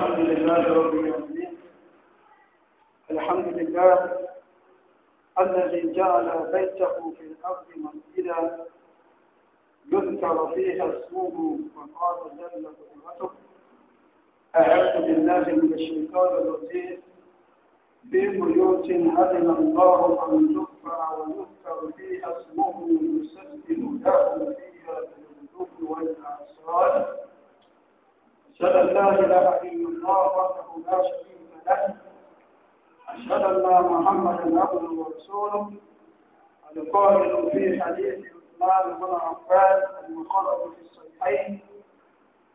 الحمد لله رب العالمين الحمد لله الذي جعل بيته في الأرض منزلا يذكر فيها اسمه وقال جل قدرته أعوذ بالله من الشيطان الرجيم ببيوت أذن الله أن ترفع ويذكر فيها اسمه يسجد له فيها الوجوه والأعصار أشهد أن لا إله إلا الله وحده لا شريك له أشهد أن محمدا عبده ورسوله القائل في حديث عثمان بن عفان المقرر في الصحيحين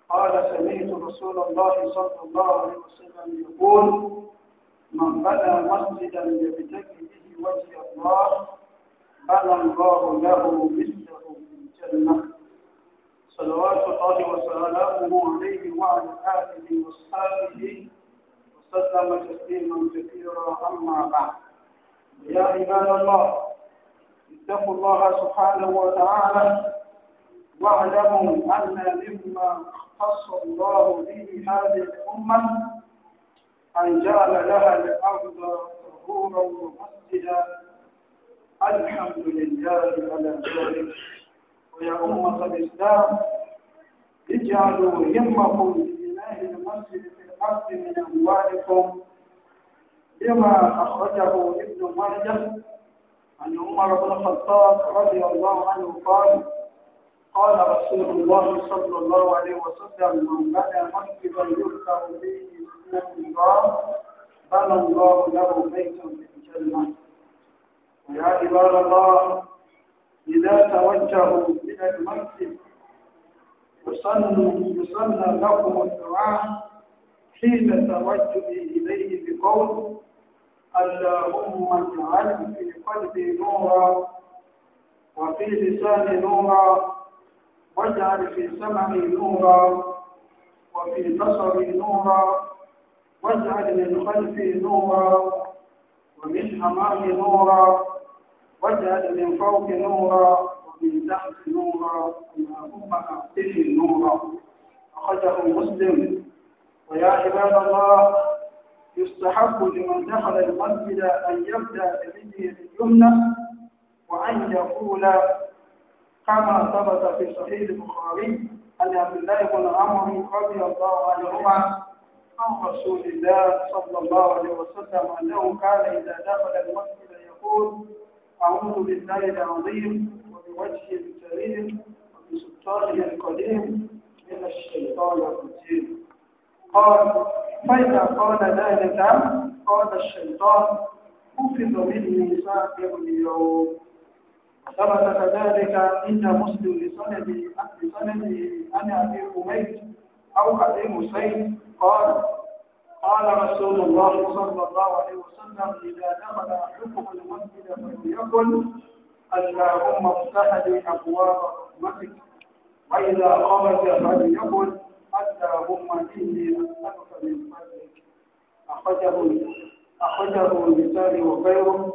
قال سمعت رسول الله صلى الله عليه وسلم يقول من بنى مسجدا يبتغي به وجه الله بنى الله له مثله في الجنه صلوات الله وسلامه عليه وعلى آله وصحبه وسلم تسليما كثيرا أما بعد يا عباد الله اتقوا الله سبحانه وتعالى واعلموا أن مما اختص الله به هذه الأمة أن جعل لها الأرض طهورا ومسجدا الحمد لله على ذلك ويا أمة الإسلام اجعلوا همكم لله المسجد في الأرض من أموالكم لما أخرجه ابن مريم عن عمر بن الخطاب رضي الله عنه قال قال رسول الله صلى الله عليه وسلم من بنى مسجدا يذكر به اسم الله بنى الله له بيتا في الجنة ويا عباد الله إذا توجهوا من المسجد يصلوا يصنى لهم الدعاء حين توجهي إليه بقول اللهم اجعل في قلبي نورا وفي لساني نورا واجعل في سمعي نورا وفي بصري نورا واجعل من خلفي نورا ومن أمامي نورا وجد من فوق نورا ومن تحت نورا وما هم كعبه نورا أخرجه مسلم ويا عباد الله يستحب لمن دخل المسجد أن يبدأ بيده اليمنى وأن يقول كما ثبت في صحيح البخاري أن عبد الله بن عمر رضي الله عنهما عن رسول الله صلى الله عليه وسلم أنه كان إذا دخل المسجد يقول أعوذ بالله العظيم وبوجهه الكريم وبسلطانه القديم من الشيطان الرجيم قال فإذا قال ذلك قال الشيطان حفظ مني سائر اليوم ثبت كذلك إن مسلم لسند لسند عن أبي حميد أو أبي مسيد قال قال رسول الله صلى الله عليه وسلم إذا دخل أحدكم المسجد فليقل اللهم افتح لي أبواب رحمتك وإذا خرج فليقل اللهم إني أسألك من فضلك أخرجه أخرجه النسائي وغيره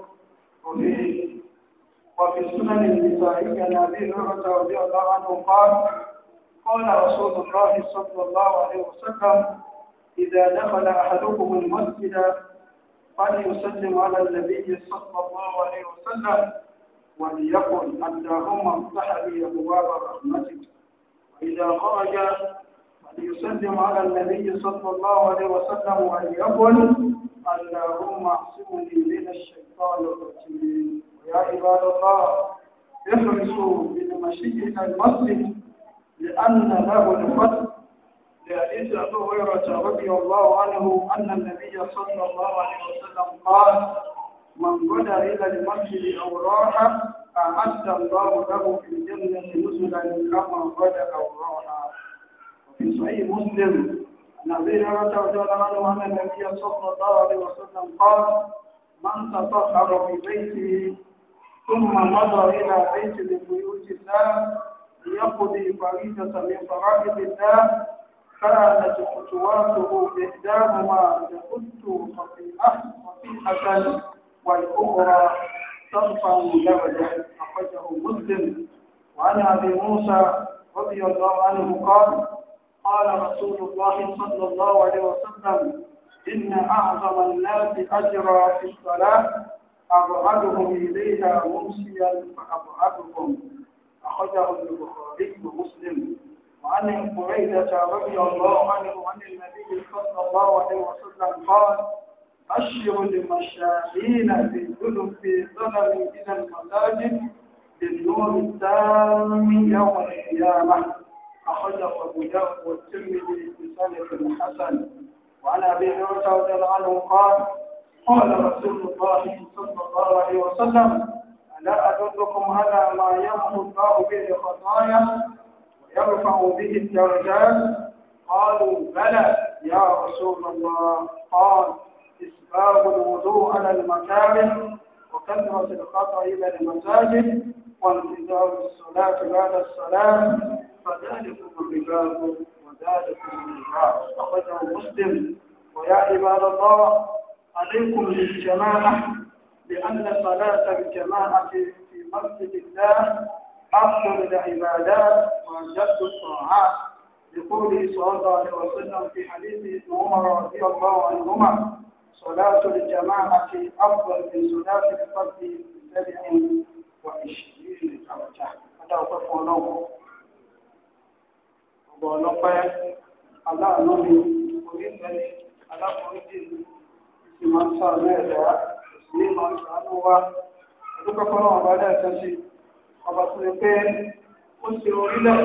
وفي وفي سنن النسائي عن أبي هريرة رضي الله عنه قال قال رسول الله صلى الله عليه وسلم إذا دخل أحدكم المسجد فليسلم على النبي صلى الله عليه وسلم وليقل اللهم افتح لي أبواب رحمتك وإذا خرج فليسلم على النبي صلى الله عليه وسلم وليقل اللهم احسبني من الشيطان الرجيم ويا عباد الله احرصوا مشيئة المسجد لأن له الفتح لحديث أبي هريرة رضي الله عنه أن النبي صلى الله عليه وسلم قال من غدا إلى المسجد أو راح أعد الله له في الجنة نزلا كما غدا أو راح وفي صحيح مسلم أن أبي هريرة رضي الله عنه أن النبي صلى الله عليه وسلم قال من تطهر في بيته ثم مضى إلى بيت من بيوت الله ليقضي فريضة من فرائض الله كانت خطواته إحداهما تخت خطيئة والأخرى ترفع درجة أخرجه مسلم وعن أبي موسى رضي الله عنه قال قال رسول الله صلى الله عليه وسلم إن أعظم الناس أجرا في الصلاة أبعدهم إليها ممسيا فأبعدهم أخرجه البخاري ومسلم وعن بريدة رضي الله عنه عن النبي صلى الله عليه وسلم قال أشر المشاهين في الظلم في ظلم إلى المساجد بالنور التام يوم القيامة أخرجه أبو داود والترمذي بسند حسن وعن أبي هريرة رضي الله عنه قال قال رسول الله صلى الله عليه وسلم ألا أدلكم على ما يمحو الله به الخطايا ترفع به الدرجات قالوا بلى يا رسول الله قال إسباب الوضوء على المكاره وكثرة الخطأ إلى المساجد وانتظار الصلاة بعد الصلاة فذلكم الرباط وذلكم الرباط أخرجه مسلم ويا عباد الله عليكم بالجماعة لأن صلاة الجماعة في مسجد الله أفضل العبادات وأجد الطاعات لقوله صلى الله عليه وسلم في حديث ابن عمر رضي الله عنهما صلاة الجماعة أفضل من صلاة الفرد سبع وعشرين درجة هذا هو فولو ọ̀pọ̀lọpẹ́ aláàánú mi onífẹ̀ẹ́ aláforíjì mi ti máa ń sàánú ẹ̀dá òsì ní máa ń sàánú náà bá dẹ̀ tẹ́sí ọba tó lè pé ó ṣe orílẹ̀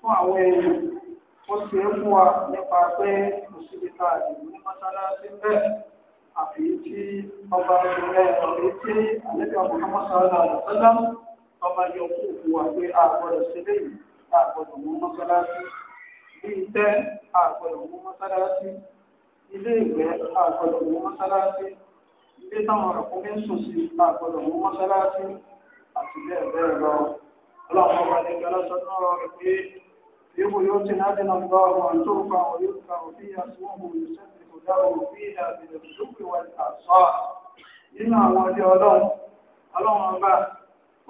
fún àwọn èèyàn ó ṣe é fún wa nípa pé kò síbi ká àdìgbò ní mọ́sálásí bẹ́ẹ̀ àfi tí ọba ìṣẹ̀lẹ̀ ọ̀rẹ́ tí àlejò àbúrò mọ́sálásí àdàtọ́lá ọba yọ kó òkú wa pé àgbọ̀dọ̀ ṣe léyìí àgbọ̀dọ̀ mú mọ́sálásí bí ìtẹ́ àgbọ̀dọ̀ mú mọ́sálásí ilé ìgbẹ́ àgbọ̀dọ̀ mú mọ́sálásí ilé táwọn ọ̀rọ̀ kún mí ń sùn sí àgbọ̀dọ̀ mú mọ́sálásí. àti bẹ́ẹ̀ bẹ́ẹ̀ lọ ọlọ́run ọba àlejò ọlọ́sọ náà rọ rẹ pé yíwò yóò ti láti tó ka òbí kò dá àṣọ nínú àwọn ọdẹ ọlọ́run ọlọ́run ọba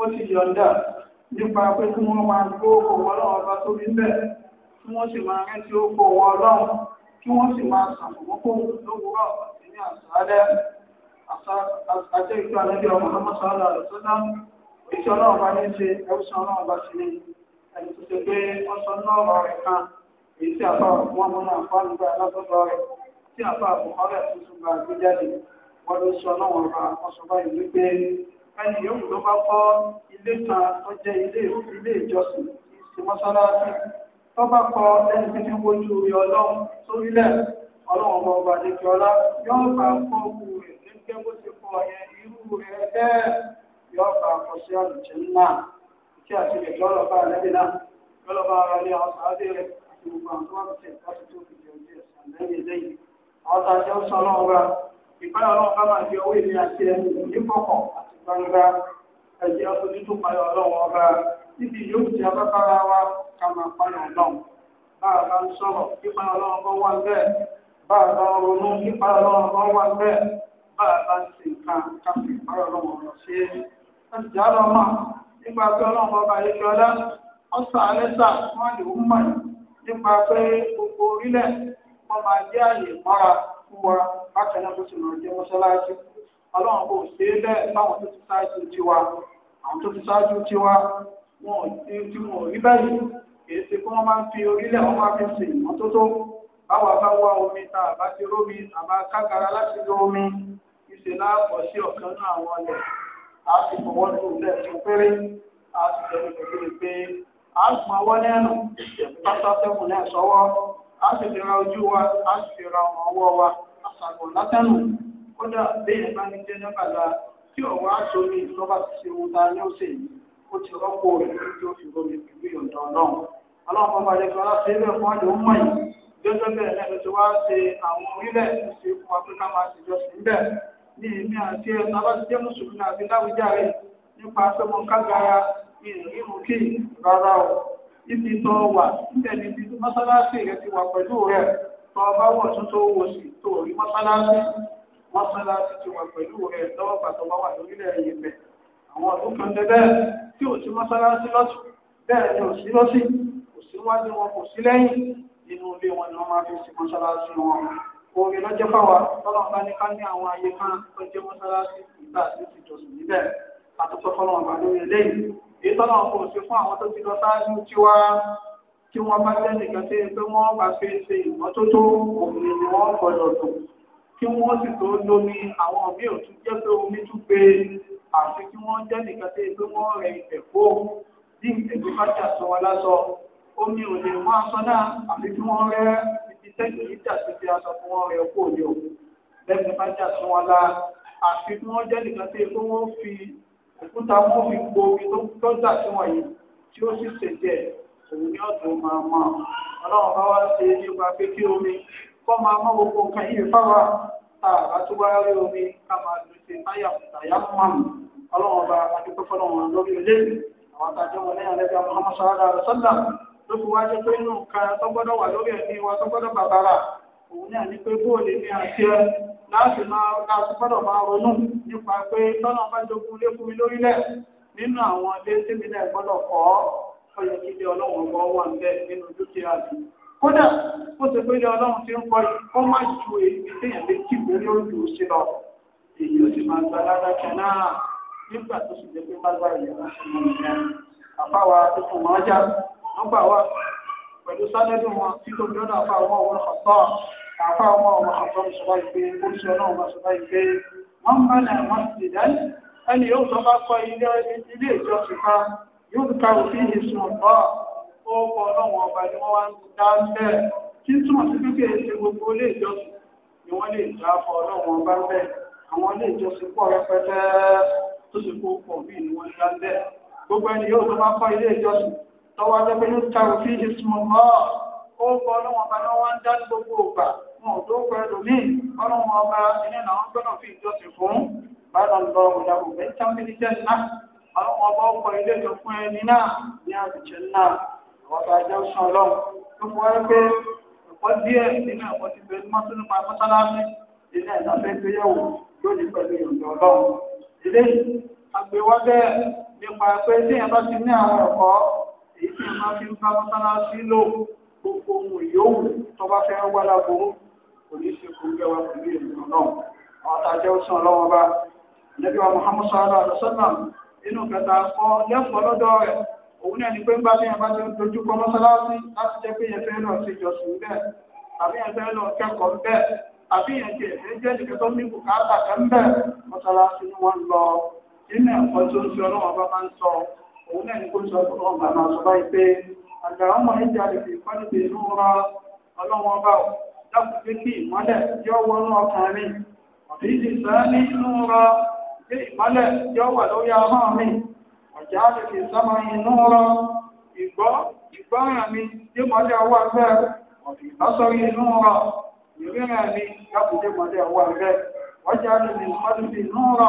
ó ti yọ̀ǹda nípa pé kí wọ́n máa gbó owó ọlọ́run ọba tó bí bẹ́ẹ̀ kí wọ́n sì máa rántí owó ọlọ́run kí wọ́n sì máa lówùúrọ̀ ìṣe ọlọ́run bá ní ṣe ẹ̀wùsàn ọlọ́run bá ṣe ní ẹni tó ṣe pé wọ́n sọ ní ọ̀rọ̀ rẹ̀ kan èyí tí àfa wọn mú náà fún àlùbọ̀ alábọ̀dọ̀ rẹ̀ tí àfa àbùkọ́rẹ́ tuntun bá gbé jáde wọ́n ló sọ ọlọ́run bá wọn sọ báyìí wípé ẹni yòówù ló bá kọ́ ilé kan tó jẹ́ ilé ìjọsìn ti mọ́sálásí tó bá kọ ẹni tí fi wojú rí ọlọ́run sórílẹ̀ ọlọ́run ọba ọba àdéjọ́lá yóò bá kọ́ òkú rẹ̀ gẹ́gẹ́ bó ti kọ yẹn irú rẹ̀ bẹ́ẹ̀ yọ ọ̀pá àkọsí àlùjẹ́ náà kí àti lè lọ́rọ̀ bá àlẹ́bí náà lọ́rọ̀ bá ara ní àwọn sàádé àti gbogbo àwọn tó wà ní tẹ̀síwájú tó fi jẹun jẹ ẹ̀sán àwọn tá a jẹ́ ń sọ ọlọ́run ra ìpínlẹ̀ ọlọ́run bá máa di owó ìlú àti ẹni nípọ̀kọ̀ àti gbangba ẹ̀jẹ̀ ojútùú payọ̀ ọlọ́run ọba níbi yóò ti abábára wa ká máa payọ̀ ọlọ́run bá a bá ń sọ̀rọ̀ nípa ọlọ́run bọ́ wá bẹ́ẹ̀ bá a bá ń ronú nípa ọlọ́run bọ́ wá bẹ́ẹ̀ bá a bá ń ṣe nǹkan ká fi ìpayọ̀ ọlọ́run lọ láti jà lọ mọ̀ nípa pé ọlọ́run ọba ayéṣẹ́ ọlá ọ̀sà alẹ́sà wọn lè wú mọ̀ nípa pé gbogbo orílẹ̀ wọn máa jẹ́ àyè mọ́ra fún wa bákan náà tó sì máa jẹ́ mọ́ṣáláṣí ọlọ́run kò ṣe é bẹ́ẹ̀ báwọn tó ti ṣáájú tiwa àwọn tó ti ṣáájú tiwa wọn ò tí wọn ò rí báyìí kì í ṣe kí wọ́n máa ń fi orílẹ̀ wọn máa fi ṣe ìmọ́tótó báwa bá wá omi tá a bá ti rómi àbá kágara láti lo ìṣèlá ọ̀sẹ̀ ọ̀kan náà àwọn a sì fọwọ́ tó lẹ̀ fún péré a sì tẹ̀lé pẹ̀lú rẹ̀ pé a sì máa wọ́n lẹ́nu pátá sẹ́kùn náà sọ́wọ́ a sì fi ra ojú wa a sì fi ra ọmọ ọwọ́ wa àṣàgùn látẹnu kódà bẹ́ẹ̀ bá ní jẹ́ nígbàlá tí ọ̀wọ́ aṣọ mi ti ṣe ní yìí ó ti rọ́pò rẹ̀ pẹ̀lú ìyọ̀ǹda ní èmi àti ẹ̀ tá a bá ti jẹ́ mùsùlùmí àti láwùjáre nípa pé mo ń kágara ìrìnrìn kí rárá o níbi tó wà níbẹ̀ níbi mọ́sálásí rẹ ti wà pẹ̀lú rẹ tó ọba wọ̀ tún tó wò sí tó rí mọ́sálásí mọ́sálásí ti wà pẹ̀lú rẹ lọ́wọ́ pàtó wà lórílẹ̀ yìí bẹ̀ àwọn ọdún kan tẹ bẹ́ẹ̀ tí ò sí mọ́sálásí lọ́tún bẹ́ẹ̀ ni ò sí lọ́sí kò sí wájú wọn kò sí lẹ́yìn nínú ilé wọn ni wọ́n máa fi sí mọ́sálásí wọn omi lọ́jọ́ fáwa tọ́lọ́n bá ní ká ní àwọn àyè kan tó jẹ́ mọ́sálásí ìgbà àti ìjọsìn níbẹ̀ àtúntò fọlọ́n bá lórí eléyìí èyí tọ́lọ́n kò sí fún àwọn tó ti lọ sáájú tiwa tí wọ́n bá jẹ́ nìkan tí pé wọ́n bá fi ṣe ìmọ́tótó omi ni wọ́n gbọ́dọ̀ lò kí wọ́n sì tó lómi àwọn míì ò tún jẹ́ pé omi tún gbé àfi kí wọ́n jẹ́ nìkan tí pé wọ́n rẹ ìfẹ́ kó bí ìtẹ̀gbẹ́ bá jà sọ wọn lásọ omi ò lè mú aṣọ náà àfi kí wọ́n rẹ́ ìtẹ́jú yìí jà sí fi aṣọ fún wọn rẹ kó ní o lẹ́nu bá jà sí wọn la àfi kí wọ́n jẹ́ nìkan tí pé wọ́n fi òkúta wọn fi po omi tó tọ́jà sí wọn yìí tí ó sì ṣèjẹ́ òun ní ọ̀dọ̀ máa mọ̀ ọlọ́run bá wá ṣe nípa pé kí omi kọ́ máa mọ́ gbogbo nǹkan yìí fáwa tá a bá tún wá rí omi ká máa lò ṣe táyà táyà mọ́mù ọlọ́run bá adúgbò fọlọ́run lórí ilé àwọn àtàjọ́ wọn lẹ́yìn alẹ́ bí i àwọn ló fi wájú pé inú nǹkan tó gbọ́dọ̀ wà lórí ẹ̀mí wa tó gbọ́dọ̀ bàbàrà òun náà ní pé bóòlù ní àti ẹ láti máa láti gbọ́dọ̀ máa ronú nípa pé lọ́nà bá jogún ilé fún mi lórílẹ̀ nínú àwọn ilé tèmi náà gbọ́dọ̀ kọ́ ọyọ kí ilé ọlọ́run bọ́ wà ń bẹ́ nínú dúkìá mi. kódà ó ti pé ilé ọlọ́run ti ń kọ́ yìí kó má ju èyí téèyàn lè kí ìwé yóò lù sí lọ. èyí ò sì máa gba ládàkẹ́ náà nígbà tó sì lè pé bá gbà ìyá láti mọ ìyá àbáwa tó fún wọn já wọ́n gbà pẹ̀lú sánẹ́dì wọn títò jọ́nà àfa àwọn ọmọ ọ̀tọ́ àfa àwọn ọmọ ọ̀tọ́ ìṣọ̀lá ìgbé oríṣi ọlọ́run bá ṣọlá ìgbé wọ́n bá nà wọ́n ti ẹni yóò tó bá kọ́ ilé ilé ìjọsìn kan yóò ká òfin ìsìn ọ̀tọ́ ó kọ́ ọlọ́run ọba ni wọ́n wá ń dá bẹ́ẹ̀ kí túmọ̀ sí kékeré ṣe gbogbo ilé ìjọsìn ni wọ́n lè dá fọ ọlọ́run ọba bẹ́ẹ̀ àwọn ilé ìjọsìn pọ̀ rẹpẹtẹ tó sì kó pọ̀ bí ni wọ́n dá bẹ́ẹ̀ gbogbo ẹni yóò tó bá kọ́ ilé ìjọsìn tọ́wọ́ ajẹ́pẹ́ ló ta òfin ìsúnmọ́ náà ó ń bọ́ ọlọ́wọ́n ọba náà wá ń dá gbogbo ògbà wọn ò tó pẹ́ lómìn ọlọ́wọ́n ọba ẹni náà ń gbọ́dọ̀ fi ìjọsìn fún bàbá lọ ìyàwó mẹ́ta mílíọ̀tẹ̀ náà ọlọ́wọ́n ọba ọkọ̀ ilé ìjọ fún ẹni náà ní àbìjẹ́ náà ọba ajẹ́ òsàn ọlọ́run tó fọwọ́ pé ẹ̀kọ́ èyí máa fi ń bá mọ́sálásí lò gbogbo ohun ìyóhùn tó bá fẹ́ wá lágbo kò ní ṣe kó gẹ́wà pẹ̀lú ènìyàn náà àwọn tàjẹ́ òsàn lọ́wọ́ bá nẹ́bí wa Muhammad sallallahu alaihi wasallam inú kẹta kọ́ lẹ́fọ́ lọ́dọ̀ rẹ̀ òun náà ni pé ń bá fi ẹ̀bá ti ń dojú kọ mọ́sálásí láti jẹ́ pé yẹn fẹ́ lọ sí ìjọsìn bẹ́ẹ̀ tàbí yẹn fẹ́ lọ kẹ́kọ̀ọ́ bẹ́ẹ̀ tàbí yẹn ti ẹ̀fẹ́ tó ní bùkátà kẹ́ ń bẹ́ẹ̀ ni wọ́n lọ nínú ẹ̀kọ́ tó ń fi ọlọ́wọ́ bá máa ń sọ òun náà ní kó sọ fún ọgbà máa sọ báyìí pé ọmọ ìjà lè fi inú ra ọlọ́wọ́n bá ọ dákun pé kí ìmọ́lẹ̀ yọ wọnú ọkàn mi ọ̀dí ti sàn ní inú ra pé ìmọ́lẹ̀ wà lórí mi inú ra ìgbọ́ ìgbọ́ràn mi mọ́lẹ̀ ọwọ́ ẹgbẹ́ ọ̀dí ìbásọ́rí inú ra mi dákun mọ́lẹ̀ ọwọ́ ẹgbẹ́ inú ra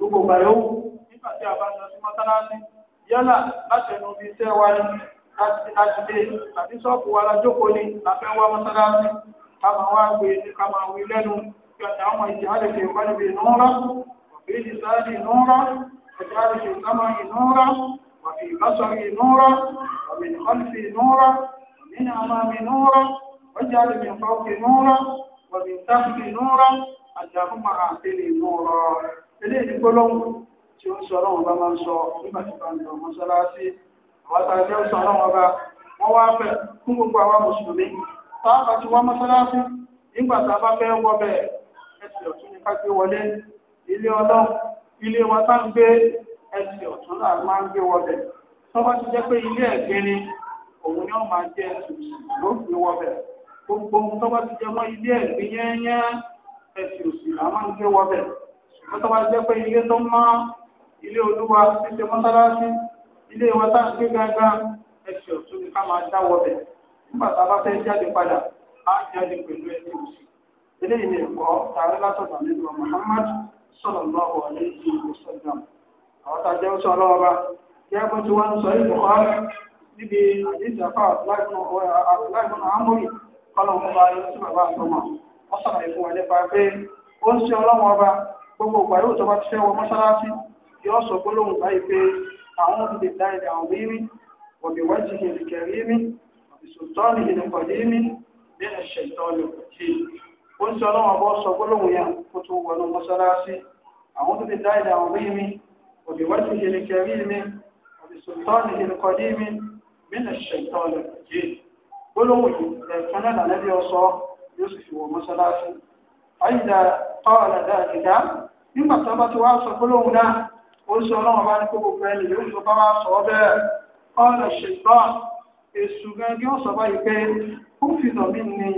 gbogbo ìgbà yòówù nígbà tí a bá lọ sí mọ́sálásí yálà láti ẹnu ibi iṣẹ́ wa ni láti dé tàbí ṣọ́ọ̀bù wa la jókòó ni la fẹ́ wá mọ́sálásí ká máa wá gbé ní ká máa wí lẹ́nu kí ọjà àwọn ìjà lè fi ìwádìí bí nùúrà òbí ní sáàdì nùúrà ẹ̀já lè fi ìsámà nùúrà wàfi ìbásọ̀rì nùúrà wàfi ìkọ́lùfì nùúrà wàfi ní àmàmì nùúrà wàjà lè fi ìfọ̀kì nùúrà wàfi ìtàkì nùúrà àjàkùmà àti nùúrà eléyìí gbólóhùn tí ó ń sọ ọlọ́run bá máa ń sọ nígbà tí bá ń lọ mọ́sálásí àwọn tàbí ó sọ ọlọ́run ọba wọ́n wá fẹ́ fún gbogbo àwa mùsùlùmí pàápàá ti wá mọ́sálásí nígbà tá a bá fẹ́ wọ bẹ́ẹ̀ ẹsẹ̀ ọ̀tún ni ká gbé wọlé ilé ọlọ́run ilé wa tá ń gbé ẹsẹ̀ ọ̀tún náà máa ń gbé wọlé tó bá ti jẹ́ pé ilé ẹ̀gbẹ́ ni òun ni máa jẹ́ ẹsẹ̀ òsì là máa ń wọ́n tó wá jẹ́ pé ilé tó mọ́ ilé olúwa ṣíṣe mọ́sálásí ilé ìwọ tá à ń gbé gángan ẹsẹ̀ ọ̀tún ni ká máa dáwọ́ bẹ̀ nígbà tá a bá fẹ́ jáde padà á jáde pẹ̀lú ẹsẹ̀ òsì eléyìí ni ẹ̀kọ́ tààrí látọ̀dọ̀ nínú Muhammad sallallahu alaihi wasallam àwọn tá a sọ gbogbo ìgbà yóò tó bá ti fẹ́ wọ mọ́ṣáláṣí yóò sọ gbólóhùn báyìí pé àwọn olùdè dáìdè àwọn mímí òbí wájú ìlú kẹrìmí òbí sòtọ́ọ̀nì ìlú kọ̀dímí nínú ṣètọ́ọ̀nì kọ̀tì ó ń sọ ọlọ́wọ́n bọ́ sọ gbólóhùn yẹn kó tó wọnú mọ́ṣáláṣí àwọn olùdè dáìdè àwọn mímí òbí wájú ìlú kẹrìmí òbí sòtọ́ọ̀nì ìlú kọ̀dímí nínú ṣètọ́ọ̀nì kọ̀tì gbólóhùn ọ̀yìnbá ọ̀ọ̀lá dáadáa nígbà tó bá ti wá sọ gbólóhùn náà oṣù ọlọ́run bá ní kó gbogbo ẹni yóò tó bá wá sọ ọ́ bẹ́ẹ̀ ọ̀ọ̀lá ṣètọ́ èṣù gangi ó sọ báyìí pé ó fi nà mí ni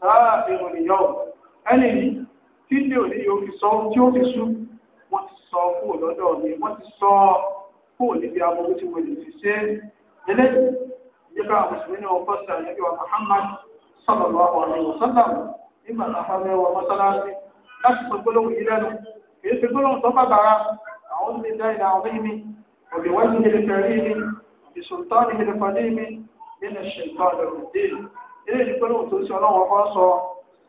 sáà ìrìn ìyọ́ ẹni yìí tí ní àwọn mùsùlùmí ni sí àyẹ̀kẹ́ wa Muhammad sallallahu alaihi wasallam nígbà tá a bá fẹ́ wọ mọ́sálásí láti sọ gbólóhùn yìí lẹ́nu kì í ṣe gbólóhùn tó bàbàrà àwọn ti dá ìlà àwọn mímí òbí wọ́n ti yẹlẹ fẹ́rí mi òbí sultani yẹlẹ fẹ́rí mi nínú ṣèǹtọ́ ọ̀dọ̀ ilé ìgbólóhùn tó ṣe ọlọ́wọ́ kọ́ sọ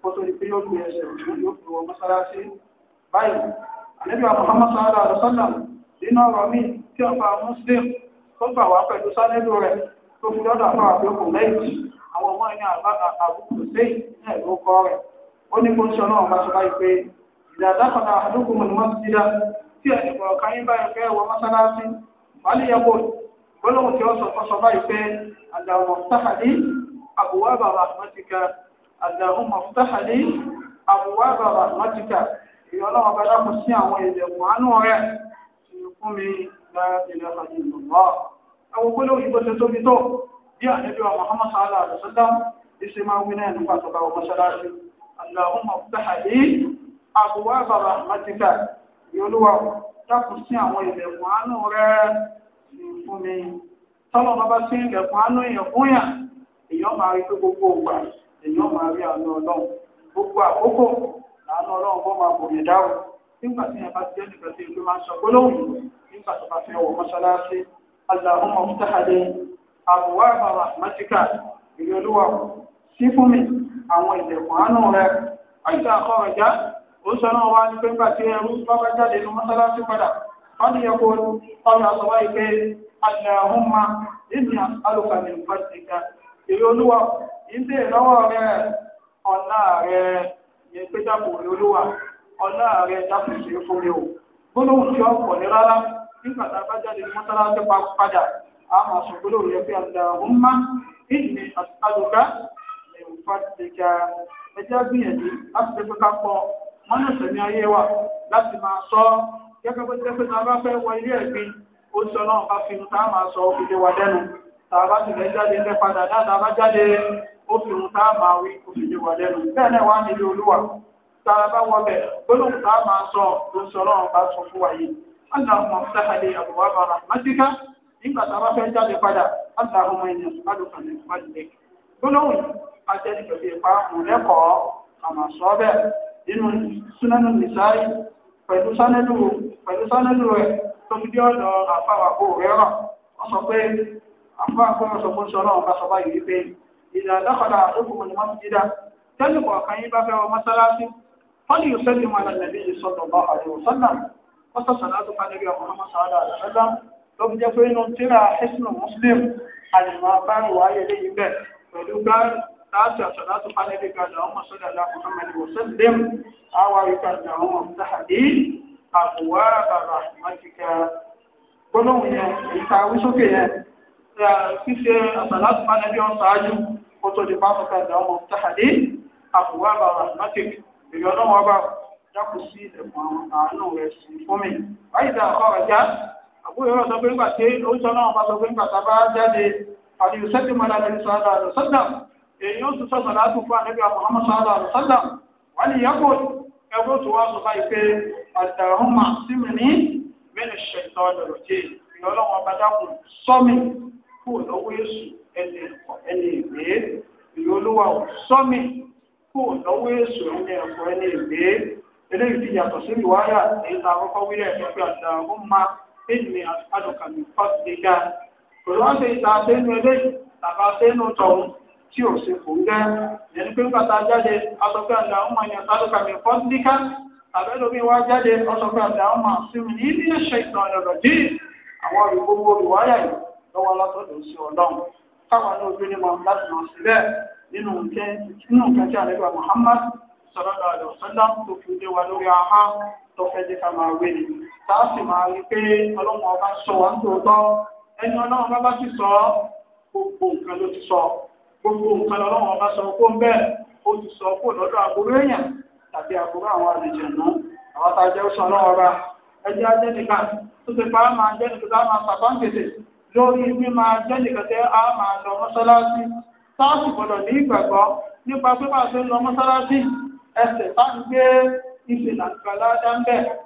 kó tó di pé yóò gbé ẹsẹ̀ òṣèlú yóò fi wọ mọ́sálásí báyìí àlejò àwọn Muhammad sallallahu nínú ọ̀rọ̀ mi tí ọba muslim tó gbà wá pẹ̀lú sálẹ́lú rẹ̀ tó fi lọ́dọ̀ àpá àbíọ́kùn lẹ́yìn àwọn ọmọ ẹni àbúkù sẹ́yìn náà ló kọ́ rẹ̀ ó ní kó ń sọ náà wọ́n sọ báyìí pé ìdàdàkọ̀dà àdúgbò mọ̀ ní wọ́n ti dá tí ẹnì kọ̀ọ̀kan yín báyìí fẹ́ wọ mọ́sálásí wàlíyàwó gbólóhùn tí ó sọ fọ́ sọ báyìí pé àdàmọ̀ sáhàdí àbúwá bàbá àmọ́tìkà àdàmọ̀ sáhàdí àbúwá bàbá àmọ́tìkà ìyọ́nà ọba dákun sí àwọn ìdẹ̀kùn àánú rẹ̀ fún mi bí ànábì wa Muhammad sallallahu alaihi wasallam ìṣe máa wí náà nípa tọba ọmọ ṣáláṣí Allahumma iftah li abwaaba rahmatika ìyọlúwa dákun sí àwọn ilẹ̀kùn àánú rẹ fún mi tọ́lọ́ bá bá sí ilẹ̀kùn àánú èèyàn fún yà èèyàn máa rí pé gbogbo ògbà èèyàn máa rí àánú ọlọ́run gbogbo àkókò àánú ọlọ́run bó máa bòyìn dáhùn nígbà tí yẹn bá ti jẹ́ nìkan ìlú máa ń sọ gbólóhùn nígbà tó bá fẹ́ wọ mọ́ṣáláṣí Allahumma iftah li àbúwá àbàrà mẹtíkà ìlú olúwa sí fún mi àwọn ìlẹ̀kùn àánú rẹ àìsàn àkọrọjà ó sọ náà wá ní pé nígbà tí ẹrú bábá jáde ní mọ́sálásí padà wọ́n ti yẹ kó ọ̀rọ̀ àtọwá ìpè àdàhùnmá ìní alùpàdé ìfọ̀síkà ìlú olúwa ìdè lọ́wọ́ rẹ ọ̀nà rẹ yẹn pé dàpọ̀ ìlú olúwa ọ̀nà rẹ dàpọ̀ ìṣe fún mi o gbólóhùn tí ó pọ̀ ní rárá nígbà tá a bá jáde ní mọ́sálásí padà àmọ́ àṣọ̀gbọ́lò rẹ̀ pé Allahumma inni as'aluka min fadlika ẹjẹ́ gbìyànjú láti lè pẹ́ká pọ̀ wọ́n náà sẹ̀mí ayé wa láti máa sọ gẹ́gẹ́ bó jẹ́ pé tá a bá fẹ́ wọ ilé ẹ̀gbin ó sọ náà bá fi tá máa sọ ó wa dẹ́nu tá bá sì lẹ́ jáde lẹ́ padà náà tá bá jáde ó fi hun tá máa wí ó wa dẹ́nu bẹ́ẹ̀ náà wá nílé olúwa tá bá wọ bẹ̀ gbólóhùn tá máa sọ ló nígbà tá a bá fẹ́ jáde padà aláhùnmọ́ ẹni alùpàdé ìpàdé gbólóhùn àtẹni pẹ̀lú ipa mọ̀lẹ́kọ̀ọ́ àmà sọ bẹ́ẹ̀ nínú súnánù nìsáyì pẹ̀lú sánẹ́lù pẹ̀lú sánẹ́lù rẹ̀ tó fi dé ọ̀dọ̀ àfàwàkó rẹ̀ rọ̀ wọ́n sọ pé àfàwàkó rẹ̀ sọ fún sọ náà bá sọ báyìí wípé ìlà àdákọ̀dà àdókòwò ni wọ́n ti dídá tẹ́lẹ̀ kọ̀ọ̀kan yín bá fẹ́ wọ mọ́sálásí wọ́n yóò mọ́ ló fi jẹ́ pé inú tíra ẹ̀sìnà mùsùlùmí àyìnbá bá ń wà ayẹyẹ yìí bẹ̀ pẹ̀lú bá láti àtọ̀dá tó bá lẹ́bí ga làwọn ọmọ sọ́dà láti mọ̀mọ́lẹ́ wọ̀sẹ́lẹ́m àwọn ìka làwọn ọmọ sáàdì àbúwá bàbá àmàtìkà yẹn ìka wísókè yẹn ṣíṣe lẹ́bí ọ̀sán ájú tó di bá fọ́kà làwọn ọmọ sáàdì àbúwá bàbá àmàtìkà ìyọ̀nà wọn bá dákú sí ẹ̀mọ́ àánú rẹ̀ sí fún mi. báyìí dá ọ̀rọ̀ àbúrò rẹ̀ sọ pé nígbà tí oúnjẹ náà bá sọ pé nígbà tá a bá jáde àdìyẹ sẹ́tì mọ́lá ní sàádà rẹ̀ sọ́dà èyí ó tún sọ̀tọ̀ láti fún àdébíà Muhammad sàádà rẹ̀ sọ́dà wà ní ìyàpò ẹgbẹ́ tó wá sọ báyìí pé àdàrúmà sí mi ní mẹ́nu ṣẹ̀tọ́ ọ̀dọ̀rọ̀ jẹ́ ìrọ̀lọ́wọ́ bàdákùn sọ́mi kú lọ́wọ́ èṣù ẹni ìwé ìlú olúwa sọ́mi kú lọ́wọ́ èṣù ẹni ẹ̀kọ́ ẹni ìwé eléyìí ti yàtọ̀ sí ìwáyà èyí tá a kọ́kọ́ wílẹ̀ ìlú àdùkà ní pàṣípà pẹ̀lú wọn ṣe ìta sẹ́nu eléyìí tàbá sẹ́nu tọ̀hún tí ò ṣe kò ń gẹ́ ẹni pé bàtà jáde asọ́pẹ́ àdá ọmọ yẹn àdùkà ní pàṣípà tàbí ẹlòmíín wá jáde ọsọpẹ́ àdá ọmọ àṣìwìn ní ilé iṣẹ́ ìtàn ọ̀rọ̀ dì àwọn olùgbogbo olùwáyà yìí lọ́wọ́ látọ̀dọ̀ sí ọlọ́run káwọn ní ojú ni mo láti lọ sílẹ̀ nínú nǹkan tí àlejò Muhammad sọlọ́dọ̀ àdọ̀ sọ́dọ̀ tó fi dé wa lórí ahá tó fẹ́ jẹ́ ká máa wé ni táà sì máa rí pé ọlọ́run ọba sọ wá ń tòótọ́ ẹni ọlọ́run ọba bá sì sọ gbogbo nǹkan ló ti sọ gbogbo nǹkan ọlọ́run ọba sọ kó ń bẹ́ẹ̀ ó ti sọ kó lọ́dọ̀ àbúrò èèyàn tàbí àbúrò àwọn àlejànú àwọn tá a jẹ́ sọ ọlọ́run ọba ẹjẹ́ ajẹ́nìkan tó ti pa á máa jẹ́nìkan tá a máa sàkọ́ǹtètè lórí bí máa jẹ́nìkan tẹ́ a máa lọ mọ́ṣáláṣí táà gbọ́dọ̀ ní ìgbàgbọ́ nípa pípa lọ mọ́ṣáláṣí ẹsẹ̀ táà ń gbé ìṣèlànà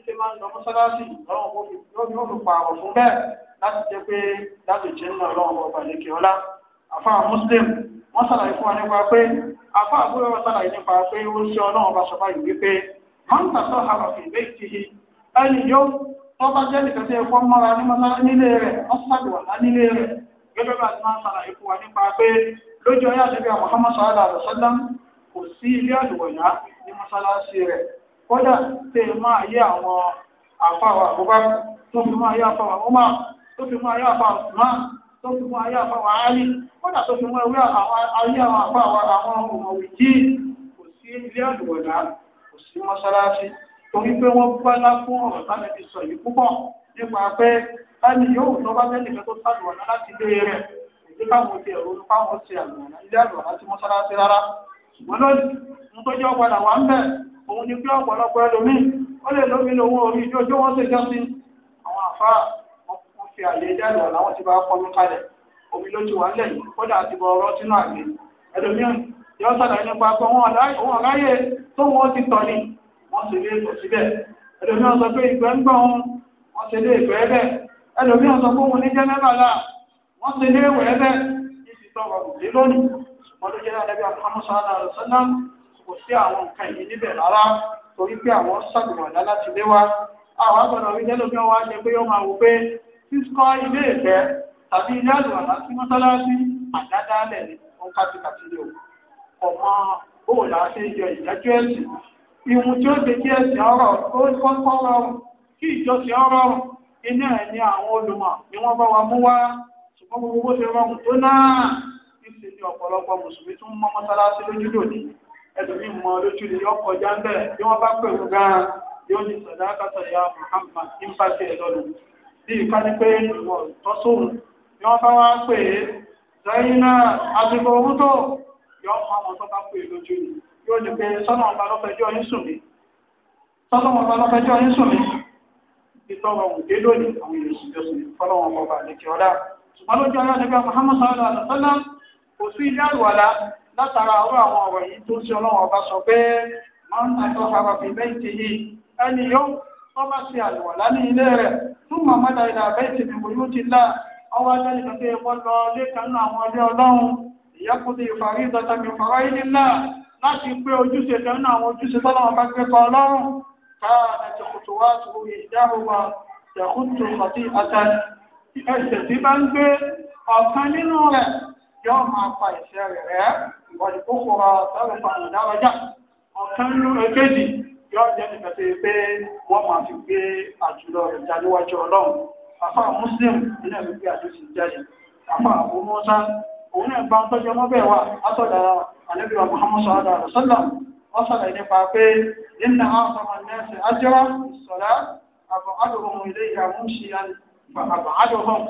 títí máa ń lọ mọ́sálásí ọlọ́run kò fi yóò fi pààrọ̀ fún bẹ́ẹ̀ láti jẹ́ pé láti jẹ́ nínú ọlọ́run ọba lèkè ọlá àfa muslim wọ́n ṣàlàyé fún wa nípa pé àfa àbúrò wọn ṣàlàyé nípa pé ó ń ṣe ọlọ́run ọba sọ̀bá yìí wípé máa ń tàṣọ àwàfin ẹni yóò jẹ́ nìkan tí ẹ̀kọ́ mọ́ra nílé rẹ̀ nílé rẹ̀ gẹ́gẹ́ a ti máa ń ṣàlàyé fún wa nípa pé lójú ọyá àti bí kódà tẹ máa yé àwọn àfàwà àbúbá tó fi máa yé àfàwà ọmọ tó fi máa yé àfàwà ọmọ tó fi máa yé àfàwà áyì kódà tó fi máa wé àwọn ayé àwọn àfàwà àwọn ọmọwé jí kò sí ilé àlùwọ̀dá kò sí mọ́ṣáláṣí torí pé wọ́n bá lá fún ọ̀rọ̀ tá lẹ́bi sọ yìí púpọ̀ nípa pé ẹni yóò tó bá tẹ́lẹ̀ kẹ́ tó sàlùwọ̀dá láti lé rẹ̀ èyí káwọn ti ẹ̀rọ olùkọ́ àwọn ti àlùwọ̀dá ilé àlùwọ̀dá ti mọ́ṣáláṣí rárá ṣùgbọ́n lónìí òun ni pé ọ̀pọ̀lọpọ̀ ẹlòmí ó lè lómi lówó omi ní ojú wọn sì jọ sí àwọn àfáà wọn fi àlè dẹ́lọ̀ làwọn ti bá pọnmi kalẹ̀ omi ló ti wà ń lẹ̀yìn kódà ti bọ ọrọ́ sínú àgbẹ̀ ẹlòmí yọ sàlàyé nípa pé wọn ọ̀láyè tó wọn ti tọ̀ ni wọn sì lè tọ̀ síbẹ̀ ẹlòmí sọ pé ìgbẹ́ ń gbọ́ wọn wọn sì lè gbẹ́ bẹ́ẹ̀ ẹlòmí sọ pé òun ní jẹ́ mẹ́bàlá wọn sì lè wẹ̀ bẹ́ẹ̀ ní lónìí ṣùgbọ́n jẹ́ kò sí àwọn nǹkan ìní níbẹ̀ rárá torí pé àwọn ṣàgbọ̀nà láti lé wa àwọn àgbọ̀nà orí tẹ́lẹ̀ fẹ́ wá ṣe pé ó máa wò pé sísọ ilé ìfẹ́ tàbí ilé àlùwàlá sí mọ́sálásí àdádálẹ̀ ní ohun kátìkàtì ni ò ọmọ bóò là á ṣe yọ ìdájọ́ ẹ̀sìn ìhun tí ó ṣe kí ẹ̀sìn ọ̀rọ̀ tó kọ́kọ́ rọrùn kí ọ̀rọ̀ iná ẹ̀ ní ni wọ́n bá wa mú wá ṣùgbọ́n gbogbo bó ṣe rọrùn tó náà ní ṣe ní ọ̀pọ̀lọpọ̀ ẹlòmí mọ lójú ni yọ kọjá ń bẹ̀ wọ́n bá pẹ̀lú gan-an yóò ní sọ̀dá kásàyà Muhammad ń bá bí ìka ní pé ìwọ̀ tọ́sóhun ni wọ́n bá wá pè é Zaina àdìgbò owó tó yọ ọmọ àwọn tó bá pè lójú ni yóò ní pé sọ́nà ọba yín sùn mí sọ́nà ọba yín sùn mí lónìí àwọn sì látara ọ̀rọ̀ àwọn ọ̀rọ̀ yìí tó ń ṣe ọlọ́run ọba sọ pé máa ń tàkọ́ fara fi bẹ́ẹ̀ ti yìí ẹni yóò tó bá ṣe àlùwàlá ní ilé rẹ̀ fún màmá dáadáa bẹ́ẹ̀ ti bìbò yóò ti lá ọwọ́ ajálẹ̀ kan tó yẹ kó lọ lẹ́kan náà àwọn ọdẹ ọlọ́run ìyẹ́kùtì ìfàrí ìdọ́ta mi fara ilé náà láti pé ojúṣe kan náà àwọn ojúṣe tọ́lọ́run bá gbé kan ọlọ́run كانت خطواته إحداهما تخط خطيئة ẹsẹ̀ tí bá ń gbé ọ̀kan yóò máa pa ìṣe rẹ̀ rẹ́ ìwọ̀dì kókó ra sọ́rọ̀ fàmì dárọ́jà ọ̀kan nínú èkejì yóò jẹ́ nìkan tó yẹ pé wọ́n máa fi gbé àjùlọ rẹ̀ já níwájú ọlọ́run àfa muslim nínú ẹ̀mí pé àjọṣe jáde àfa àbú mọ́sá òun náà bá ń tọ́jú ọmọ bẹ́ẹ̀ wà látọ̀dà àlẹ́bíwá muhammad sallallahu alaihi wa sallam wọ́n sọ̀rọ̀ nípa pé nínú àwọn ọmọ nẹ́ẹ̀sì ájọ́rọ́ ìsọ̀rá àbọ̀ àdùnkùn ilé ìyàwó ń ṣe àbọ̀ àdùnkùn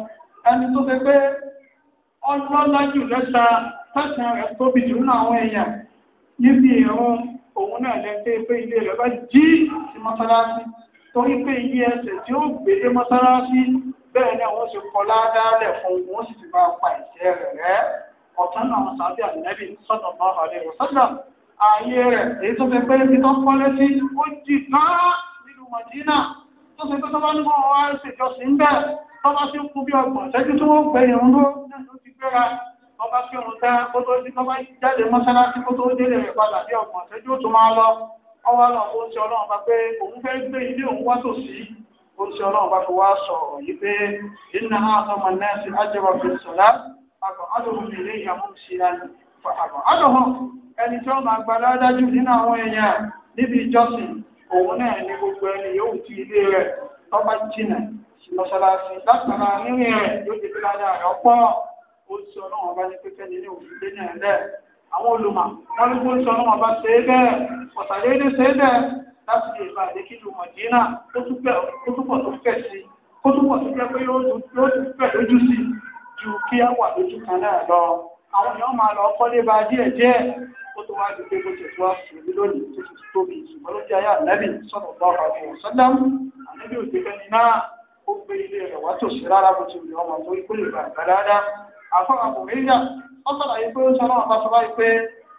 ẹni tó fẹ́ pé ọlọ́lájú lẹ́ta tẹ́sán rẹ̀ tóbi jù nínú àwọn èèyàn níbi ìrún òun náà lẹ́tẹ́ pé ilé rẹ̀ bá jí sí mọ́sálásí torí pé iye ẹsẹ̀ tí ó gbé dé mọ́sálásí bẹ́ẹ̀ ni àwọn ṣe kọ́ ládàálẹ̀ fún òun sì ti bá pa ìṣẹ́ rẹ̀ rẹ́ ọ̀tán náà sàbí ànẹ́bí sọ́dọ̀ bá ọ̀rẹ́ rẹ̀ sọ́dọ̀ ààyè rẹ̀ èyí tó fẹ́ pé ibi tó kọ́ létí ó jì ká nínú Mádínà tó fẹ́ pé tó bá ní gbéra ọba sí òun tá kó tó di kọ́mọ́ jáde mọ́sálásí kó tó délé rẹ̀ padà bí ṣẹ́jú tó lọ ọwọ́ náà ó ọlọ́run bá pé òun fẹ́ gbé ilé òun wá tòsí ó ọlọ́run bá fi wá sọ̀rọ̀ yìí pé iná àtọmọ nẹ́ẹ̀sì fi sọ̀lá ìyàmú sí ẹni tí wọ́n máa gba dájú nínú àwọn èèyàn níbi ìjọsìn òun náà ní gbogbo ẹni yóò ti ilé rẹ̀ tọ́ba jìnà ó sì ọlọ́run ọba ní pípẹ́ nínú òfìdé àwọn olùmọ̀ wọn ní kó sì ọlọ́run ọba ṣe é bẹ́ẹ̀ ọ̀sàdéédé ṣe é bẹ́ẹ̀ láti lè bá mọ̀dínà kó tó sí kó tó pé yóò tún lọ àwọn èèyàn máa lọ kọ́lé ba díẹ̀ díẹ̀ tó ti tó wá lónìí tó ti tóbi ṣùgbọ́n ló jẹ́ ayé sọ̀rọ̀ bá àfọwọ́ àbòmíyà wọ́n sọ̀rọ̀ yìí pé ó sọ náà bá sọ báyìí pé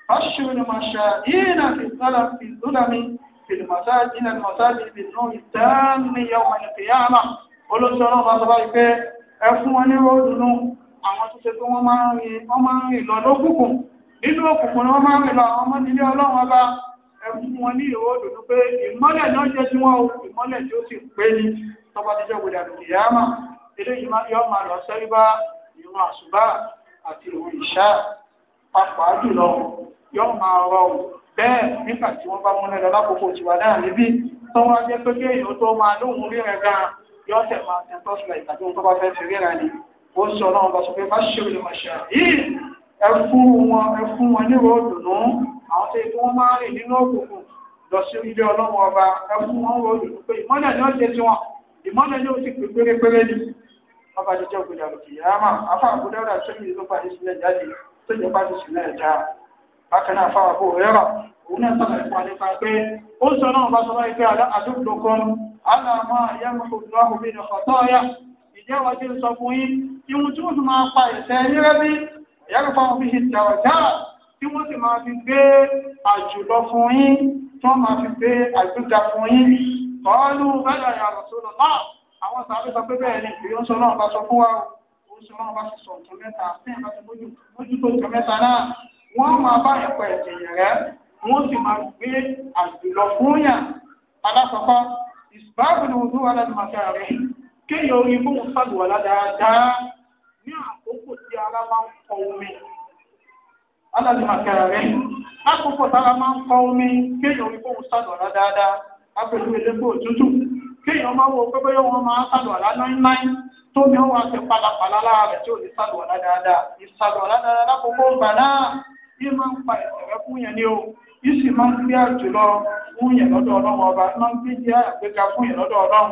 fáṣíù ni màá ṣá yìí náà fi sọ́la fi lúlà mi fìlìmọ̀sáàjì náà mọ̀sáàjì ibi nù ìdáníyà ọmọ ìpìyà náà olóṣọ náà bá sọ báyìí pé ẹ fún wọn ní ròdùnú àwọn tó ṣe pé wọ́n máa ń rìn wọ́n máa ń rìn lọ lókùnkùn nínú òkùnkùn ni ìmọ́lẹ̀ náà jẹ́ tí wọ́n ìmọ́lẹ̀ tí ó sì pé ní tọ́ba ti jẹ́ gbọdọ̀ àdùnkìyàmà eléyìí máa yọ máa lọ sẹ́rí bá ìrun àṣùbá àti ìrun ìṣá papọ̀ àjùlọ yóò máa rọrùn bẹ́ẹ̀ nígbà tí wọ́n bá múlẹ̀ lọ lákòókò tiwa náà níbí tó wá jẹ́ pé kéèyàn tó máa lóhun rírẹ̀ gan yóò tẹ̀ máa tẹ̀ tọ́sílẹ̀ ìtàjú tó bá fẹ́ fi rírẹ̀ ni ó sọ náà lọ sọ pé má ṣe olè mọ̀ ṣe yìí ẹ fún wọn ẹ fún wọn ní ròdù nù àwọn tó yẹ kí wọ́n máa rìn nínú òkùnkùn lọ sí ilé ọlọ́run ọba ẹ fún wọn ròdù pé ìmọ́lẹ̀ ni ó ti ni ọba jíjẹ́ ògbèdà òkè yàrá afa àbúdáwòdà sẹ́mi ló fà ìṣúlẹ̀ jáde tó jẹ́ bá ti ṣùlẹ̀ ẹ̀já bákan náà fáwọn àbò rẹ́rà òun náà sábà ìpa nípa pé ó sọ náà bá sọ báyìí pé àdúgbò kan aláàmọ́ àyẹ̀mọ́ olùwàhùn mi nìkan tó ọ̀yà ìjẹ́ wa jẹ́ sọ fún yín ìwọ̀n tí wọ́n ti máa pa ẹ̀sẹ̀ rírẹ́ bí ìyára fáwọn fi ṣe jàràjàrà tí wọ́n sì máa fi gbé àjùlọ fún yín tí wọ́n máa fi gbé àgbéga fún yín kọ́ọ́lù bẹ́ẹ̀ yàrá sólọ náà àwọn sàbí sọ pé bẹ́ẹ̀ ni èyí ń sọ náà bá sọ fún wa ó ń sọ náà bá sọ nǹkan mẹ́ta sí ẹ̀ bá ti mójútó nǹkan mẹ́ta náà wọ́n máa bá ẹ̀kọ́ ẹ̀jẹ̀yìn rẹ̀ wọ́n sì máa gbé àjùlọ fún yàn alákọ̀ọ́kọ́ ìsìbáàbù ni wọ́n wà láti máa fẹ́ rẹ̀ kéèyàn orí fún un sàlùwà ládàádáa ní àkókò tí ara máa ń kọ omi aláti máa fẹ́ rẹ̀ àkókò tí ara máa ń kọ omi kéèyàn orí fún un sàlùwà ládàádáa àpèjú kéèyàn máa wo pé bóyá wọn máa sàlùwàlá náínáí tó ní wọn ti palapàla lára rẹ̀ tí ò ní sàlùwàlá dáadáa ìsàlùwàlá dáadáa kókó gbà náà yìí máa ń pa ìṣẹ̀rẹ̀ fún yẹn ní o yìí sì máa ń gbé àjùlọ fún yẹn lọ́dọ̀ ọlọ́run ọba máa ń gbé jẹ́ àgbéga fún yẹn lọ́dọ̀ ọlọ́run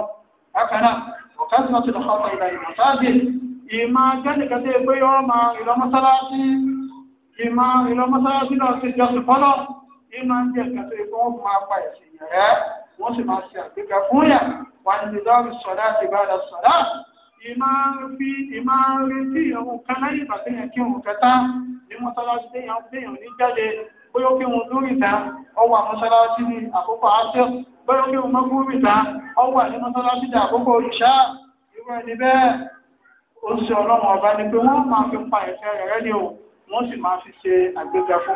bákan náà ọ̀kásí náà ti lọ́ sọ́kọ̀ ìlà ìmọ̀sáàdì ìmọ̀ gẹ́nìkẹ́tẹ́ pé yọ́ máa ìlọmọsáláṣí ìmọ̀ ìlọmọsáláṣí náà ti jọ wọ́n sì máa ṣe àgbéga fún yà wà ní lọ́rùn sọ̀dá àti ìbára sọ̀dá ìmọ̀ fi ìmọ̀ retí ìrun kan lẹ́yìn ìgbà téèyàn kí òun kẹta ní mọ́sálásí téèyàn téèyàn ní jáde bóyá kí òun lórí ìta ọwọ́ àmọ́sálásí ní àkókò àṣẹ bóyá kí òun mọ́kú rí ìta ọwọ́ àti mọ́sálásí ní àkókò òrìṣà irú ẹni bẹ́ẹ̀ ó ṣe ọlọ́run ọba ni pé wọ́n máa fi pa ẹ̀fẹ́ rẹ̀ o wọ́n sì máa fi ṣe àgbéga fún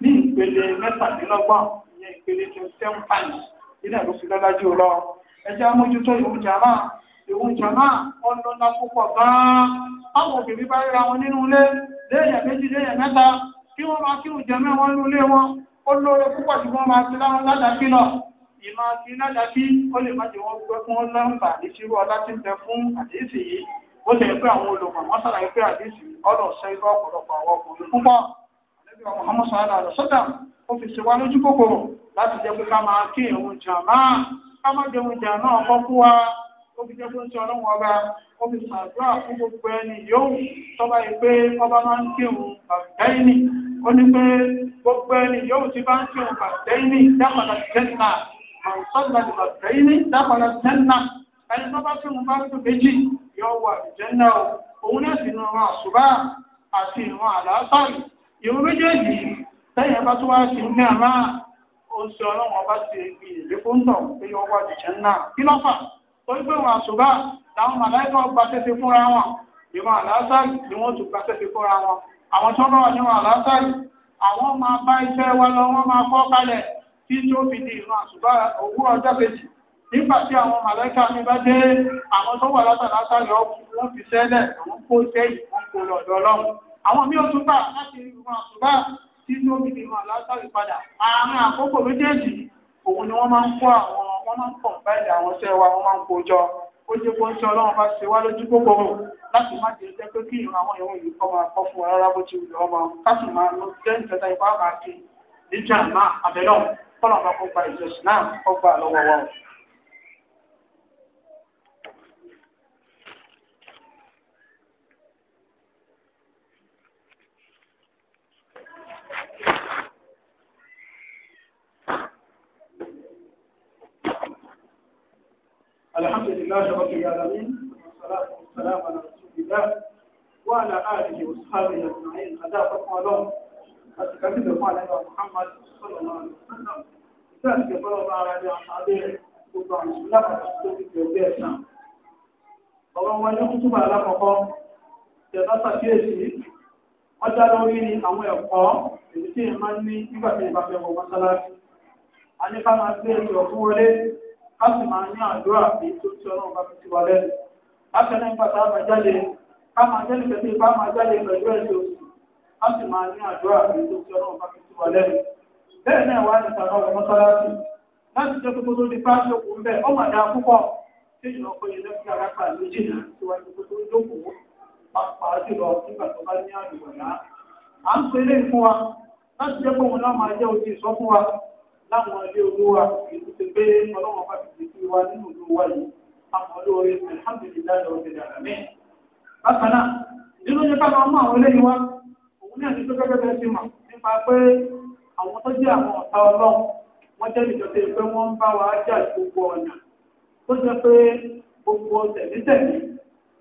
ní ìpele mẹ́tàdínlọ́gbọ̀n ìyẹn ìpele twenty seven times nílẹ̀ ló fi lọ ẹjẹ́ amójútó ìhun jàmá ọ jàmá ọlọ́lá púpọ̀ gan-an àwọn bá ríra wọn nínú ilé léèyàn méjì léèyàn mẹ́ta kí wọ́n máa kírun jàmá wọn wọn ó púpọ̀ tí wọ́n máa láwọn ládàkí lọ ládàkí ó lè wọ́n gbẹ́ fún fún yìí ó lè pẹ́ àwọn olùmọ̀ Muhammad sallallahu alaihi wasallam ó fi ṣe wá lójú kòkòrò láti jẹ́ pé ká máa kí ìrun jàmá ká má jẹun jà náà kọ́ fún wa ó fi jẹ́ pé ń ṣe ọlọ́run ọba ó fi ṣàdúrà fún gbogbo ẹni yóò tọ́ba yìí pé ọba máa ń kí ìrun bàbáyé ni ó ní pé gbogbo ẹni yóò ti bá ń kí ìrun bàbáyé ni dápadà jẹ́nà àwùsọ́gbà bàbáyé ni dápadà ẹni tó bá kí ìrun bá tó méjì yóò wà jẹ́nà òun náà sì nu ìrun àṣùbà àti ìrun àlàáfàì ìwọ méjèèjì tẹ́yìn bá tó wá sí ní àmà ó ń sọ ọlọ́run ti fi èlé fóńtọ̀ pé yọ wá kí ló fà ń pè wọn àṣùbà táwọn màláìkà gba fúnra wọn ìwọ àlásàrì ni wọ́n tún gba fúnra wọn àwọn tó bá wà níwọ̀n àlásàrì àwọn máa bá iṣẹ́ wa lọ wọ́n máa kọ́ kalẹ̀ tí tó fi di ìran àṣùbà òwúrọ̀ ọjọ́ kejì nígbà tí àwọn màláìkà mi bá dé àwọn tó wà látàlásàrì ọ̀ àwọn mí oṣù bá láti ìrùn àṣùbá tí ló fi di hàn látàrí padà àárín àkókò méjèèjì òun ni wọ́n máa ń kó àwọn wọ́n máa ń pọ̀ báyìí àwọn ṣẹ́ wa wọ́n máa ń kó jọ ó jẹ́ pé oúnjẹ ọlọ́run bá ṣe wá lójú kòkòrò láti má jẹ́ jẹ́ pé kí ìran àwọn ìwọ̀n yìí kọ́ máa kọ́ fún wa rárá bó ti wù lọ́wọ́ máa ká sì máa lọ jẹ́ ìjọta ìpá máa ṣe níjà máa àbẹ̀lọ́ kọ́nà bá kó gba ìjọsìn náà kó gbà lọ́wọ́ wa o. الحمد لله رب العالمين والصلاة والسلام على رسول الله وعلى آله وأصحابه أجمعين أداء لهم أتكلم بقول صلى الله عليه وسلم ذلك بلغ على أصحابه gbogbo àwọn ìṣúná kan tó fi fi ọgbẹ́ ẹ̀sán. ọ̀rọ̀ wọn ní kútùbà alákọ̀ọ́kọ́ tẹ̀lá ṣàkíyèsí wọ́n dá lórí àwọn ẹ̀kọ́ èyí tí èèyàn máa ń ní nígbà tí ìbá mọ́sálásí. a ní ká máa gbé ẹ̀sìn ọ̀fún wọlé ká sì máa ní àdúrà èyí tó ti ọlọ́run bá fi ti wà lẹ́nu látẹnu pàtàkì àbájáde ká máa jẹ́ nípa pé ká máa jáde pẹ̀lú ẹ̀jẹ̀ oṣù ká sì máa ní àdúrà èyí tó ti ọlọ́run bá fi ti wà lẹ́nu bẹ́ẹ̀ náà wà ní láti jẹ́ kókó tó di fáṣọ kù ń bẹ̀ ọ́ púpọ̀ tí ọkọ yẹn lẹ́kọ̀ọ́ náà tí ti kókó láwọn ilé olúwa èyí ti pé ọlọ́wọ́n bá ti tètè wa nínú ìlú wa yìí àwọn olóore alhamdulilayi ọ̀sẹ̀ dàrá mẹ́. bákan náà nínú yẹn káwọn ọmọ àwọn eléyìí wa òun ní àdúgbò gẹ́gẹ́ bẹ́ẹ̀ ti mọ̀ nípa pé àwọn tó jẹ́ àwọn ọ̀tá ọlọ́run wọ́n jẹ́ ìjọba pé wọ́n ń bá wa jà gbogbo ọ̀nà tó jẹ́ pé gbogbo tẹ̀lítẹ̀lí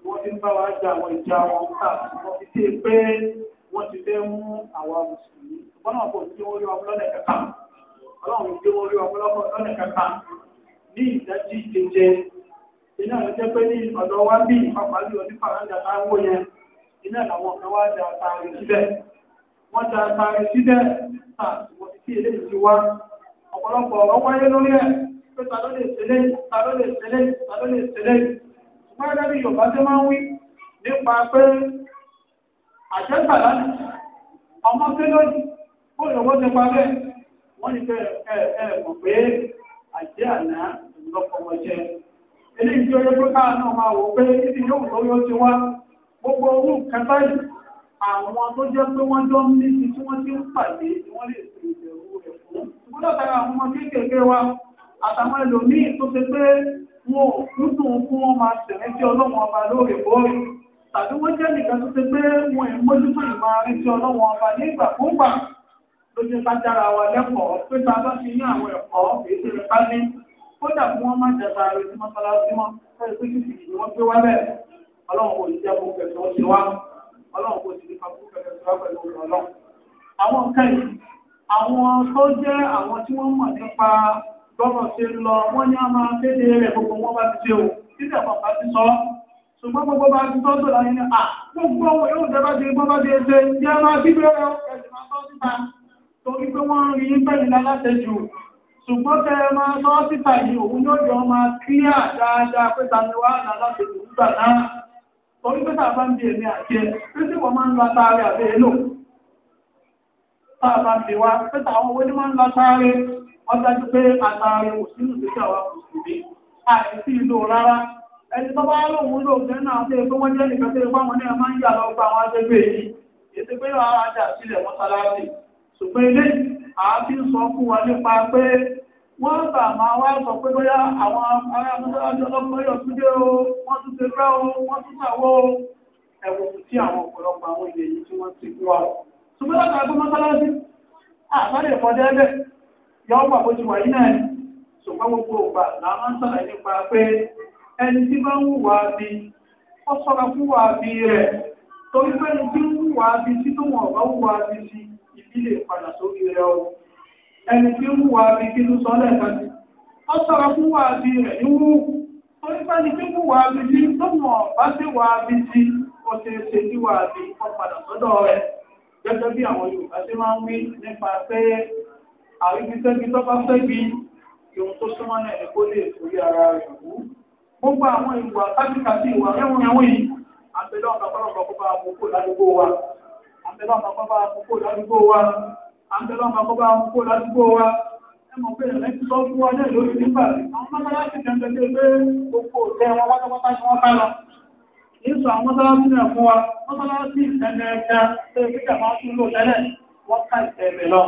wọ́n ti ń bá wa jà àwọn ìjà wọn ká wọ́n ti dé pé wọ́n ti fẹ́ mú àwa mùsùlùmí ṣùgbọ́n náà kò sí wọn yọ ọmọ ọlọ́run tí wọ́n rí ọ̀pọ̀lọpọ̀ lọ́nà kẹta ní ìdájí ìkeje iná ló pé ní ọ̀dọ̀ wa bí ìpapà lù tá ń wò yẹn iná làwọn kan wá àtàrí síbẹ̀ wọ́n àtàrí síbẹ̀ ti ti wá ọ̀pọ̀lọpọ̀ ọ̀rọ̀ wáyé ta lè ta lè ta lè ṣùgbọ́n ẹgbẹ́ bí Yorùbá máa ń wí nípa pé wọ́n ní kẹ́ ẹ mọ̀ pé àjẹ́ àná lọ́kọ̀ọ́ jẹ́ eléyìí tí ó yẹ pé káà náà máa wò pé ibi yóò lórí ó ti wá gbogbo owó nǹkan báyìí àwọn tó jẹ́ pé wọ́n jọ ń ní ti tí wọ́n ti ń pàdé ni wọ́n lè fi ìbẹ̀rù rẹ̀ fún. ṣùgbọ́n látara àwọn ọmọ kéékèèké wa àtàwọn ẹlòmíín tó ṣe pé wọn ò kúndùn fún wọn máa tẹ̀lé tí ọlọ́wọ́n ọba lóòrèkóòrè tàbí wọ́n jẹ́ nìkan tó ṣe pé wọn ì mójútó ìmọ̀ àárín tí ọlọ́wọ́n ọba nígbàkúgbà tó jẹ́ ká dára wa lẹ́kọ̀ọ́ pé tá a bá ti ní àwọn ẹ̀kọ́ èyí tó lè ká ní kódà kí wọ́n má jẹ́ sáré sí mọ́sálásí mọ́ fẹ́ẹ́ pé kìkì ni wọ́n gbé wá bẹ́ẹ̀ ọlọ́run kò ní jẹ́ kó kẹsàn ó ṣe wá ọlọ́run kò sì ní ká kó kẹsàn ó ṣe wá pẹ̀lú ọlọ́run. àwọn kẹ́yìn àwọn tó jẹ́ àwọn tí wọ́n mọ̀ nípa gbọ́dọ̀ ṣe ń lọ wọ́n ní a máa kéde rẹ̀ gbogbo wọn bá ti ṣe o títẹ̀ kan bá ti sọ ṣùgbọ́n gbogbo bá ti tọ́jú láyé ní à gbogbo yóò dẹ́ bá ti gbọ́ bá ti ṣe ṣe ṣe máa bíbélẹ̀ torí pé wọ́n ń rí bẹ́ẹ̀ lálátẹ̀jù ṣùgbọ́n tẹ ẹ máa sọ síta yìí òun yóò jọ máa kílíà dáadáa pé ta ni wàá lálátẹ̀jù ń gbà náà torí pé tàbá ń bi èmi àti ẹ pé tí wọ́n máa ń lo ataare àbí èlò tàbá ń bi wá pé tàwọn owó ni máa ń lo ataare wọ́n dájú pé ataare kò sínú ìgbésẹ̀ wa kò sì rí àìsí ìlò rárá ẹni tó bá lóun ló jẹ́ náà tó ẹgbẹ́ wọn jẹ́ nìkan tó ẹgbẹ́ wọn náà máa ń yà lọ gba àwọn agbègbè yìí ètò pé wàá ajá sílẹ̀ mọ́sálásì ṣùgbọ́n ilé àti sọ fún wa nípa pé wọ́n bà máa wá sọ pé bóyá àwọn ará mọ́sálásí ọlọ́pàá yọ̀ tún dé o wọ́n tún ṣe fẹ́ o wọ́n tún ṣàwọ́ o ẹ̀wọ̀n tí àwọn ọ̀pọ̀lọpọ̀ àwọn èdè yìí tí wọ́n ti gbọ́ ọ. ṣùgbọ́n láti àgbọ̀ mọ́sálásí àtàlẹ̀ ìfọdẹ́ ẹgbẹ́ yọ ọ́pàá bó ti wà yín náà ṣùgbọ́n gbogbo ògbà làwọn sọ̀rọ̀ nípa pé ẹni tí bá ń wùwà bí ó sọ̀rọ̀ fún wà bí rẹ̀ torí pé ẹni tí ń wùwà bí sí tó wọn ọ̀bá wùwà bí sí tí lè padà sórí rẹ o ẹni tí ń wà bí kí ló sọ lẹ́ẹ̀kan sí ọ sọ̀rọ̀ fún wà bí rẹ̀ níwú torí pẹ́ni tí ń wà bí sí lọ́mọ bá sí wà bí sí ó ṣe é ṣe ní wà bí ọ padà sọ́dọ̀ rẹ̀ gẹ́gẹ́ bí àwọn Yorùbá ṣe máa ń wí nípa pé àríbísẹ́bí tó bá fẹ́ bí ìhun tó súnmọ́ náà ni kó lè forí ara rẹ̀ wú gbogbo àwọn ìwà kájíkàtì ìwà rẹ̀wọ̀n rẹ̀wọ̀n yìí àbẹ̀lẹ́ ọ̀gá àǹtẹ̀lọ́ ọmọ kọ́ bá kókó ládùúgbò wa àǹtẹ̀lọ́ ọmọ kọ́ bá kókó ládùúgbò wa ẹ mọ̀ pé ẹ̀rẹ́ ti sọ fún wa náà lórí nígbà àwọn mọ́sálásí kan tẹ́lẹ̀ pé gbogbo òtẹ́ wọn pátápátá ni wọ́n bá lọ. Yíṣọ àwọn mọ́sálásí náà fún wa mọ́sálásí ìtẹ́lẹ̀ ẹja tó yẹ kíkà máa tún lò tẹ́lẹ̀ wọ́n ká ìtẹ́lẹ̀ lọ.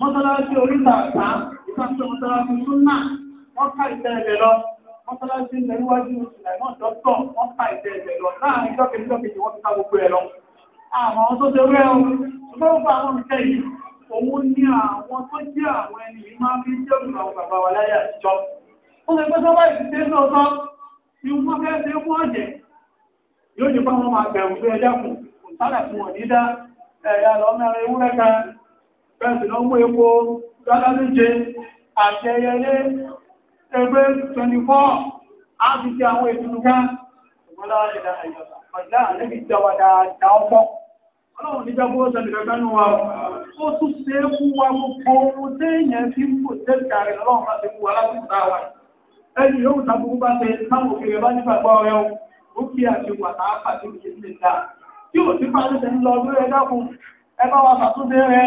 Mọ́sálásí oríta àgbà ìtàkùn mọ́sálásí súnà wọ́n ká ìtẹ́lẹ̀ lọ mọ́sálásí ilẹ̀ níwájú ìlànà dọ́tọ̀ wọ́n ká ìtẹ́lẹ̀ lọ láàárín jọ́kẹ́jọ́kẹ́jì wọ́n ti ká gbogbo ẹ̀ lọ àwọn tó ṣe rẹ́ o ṣùgbọ́n gba àwọn nǹkan yìí òun ní àwọn tó jẹ́ àwọn ẹni yìí máa fi jẹ́ òun àwọn bàbá wa láyé àtijọ́ ó lè pẹ́ sọ́wọ́ ìdílé lọ́tọ́ ni wọ́n fẹ́ ṣe fún ọ̀jẹ̀ yóò jẹ́ fáwọn máa bẹ̀rù pé ẹjá kù kò fún wọn nídá ẹ̀yà lọ́mẹ́rin ewúrẹ́ kan bẹ́ẹ̀ sì lọ́mú epo dọ́lá méje àti ẹyẹlé ẹgbẹ́ twenty four á fi ṣe àwọn ètùtù kan ìmọ̀lára ìdá ẹ̀yọ̀ ọ̀dá àlẹ́bí ìjọba dáadáa ọ̀pọ̀ ọlọ́run níjà bó ṣe nìkan kan wà ó tún ṣe é fún wa gbogbo ohun téèyàn fi ń kò tẹ́lẹ̀ rẹ̀ ọlọ́run bá ti fún wa lásìkò tá a wà ẹni yóò ta gbogbo bá ṣe táwọn òkèèrè bá nígbàgbọ́ rẹ o ó kí àti wà tá a pàṣẹ ìṣe ti dà tí ò sí pàṣẹ wa ṣàtúnṣe rẹ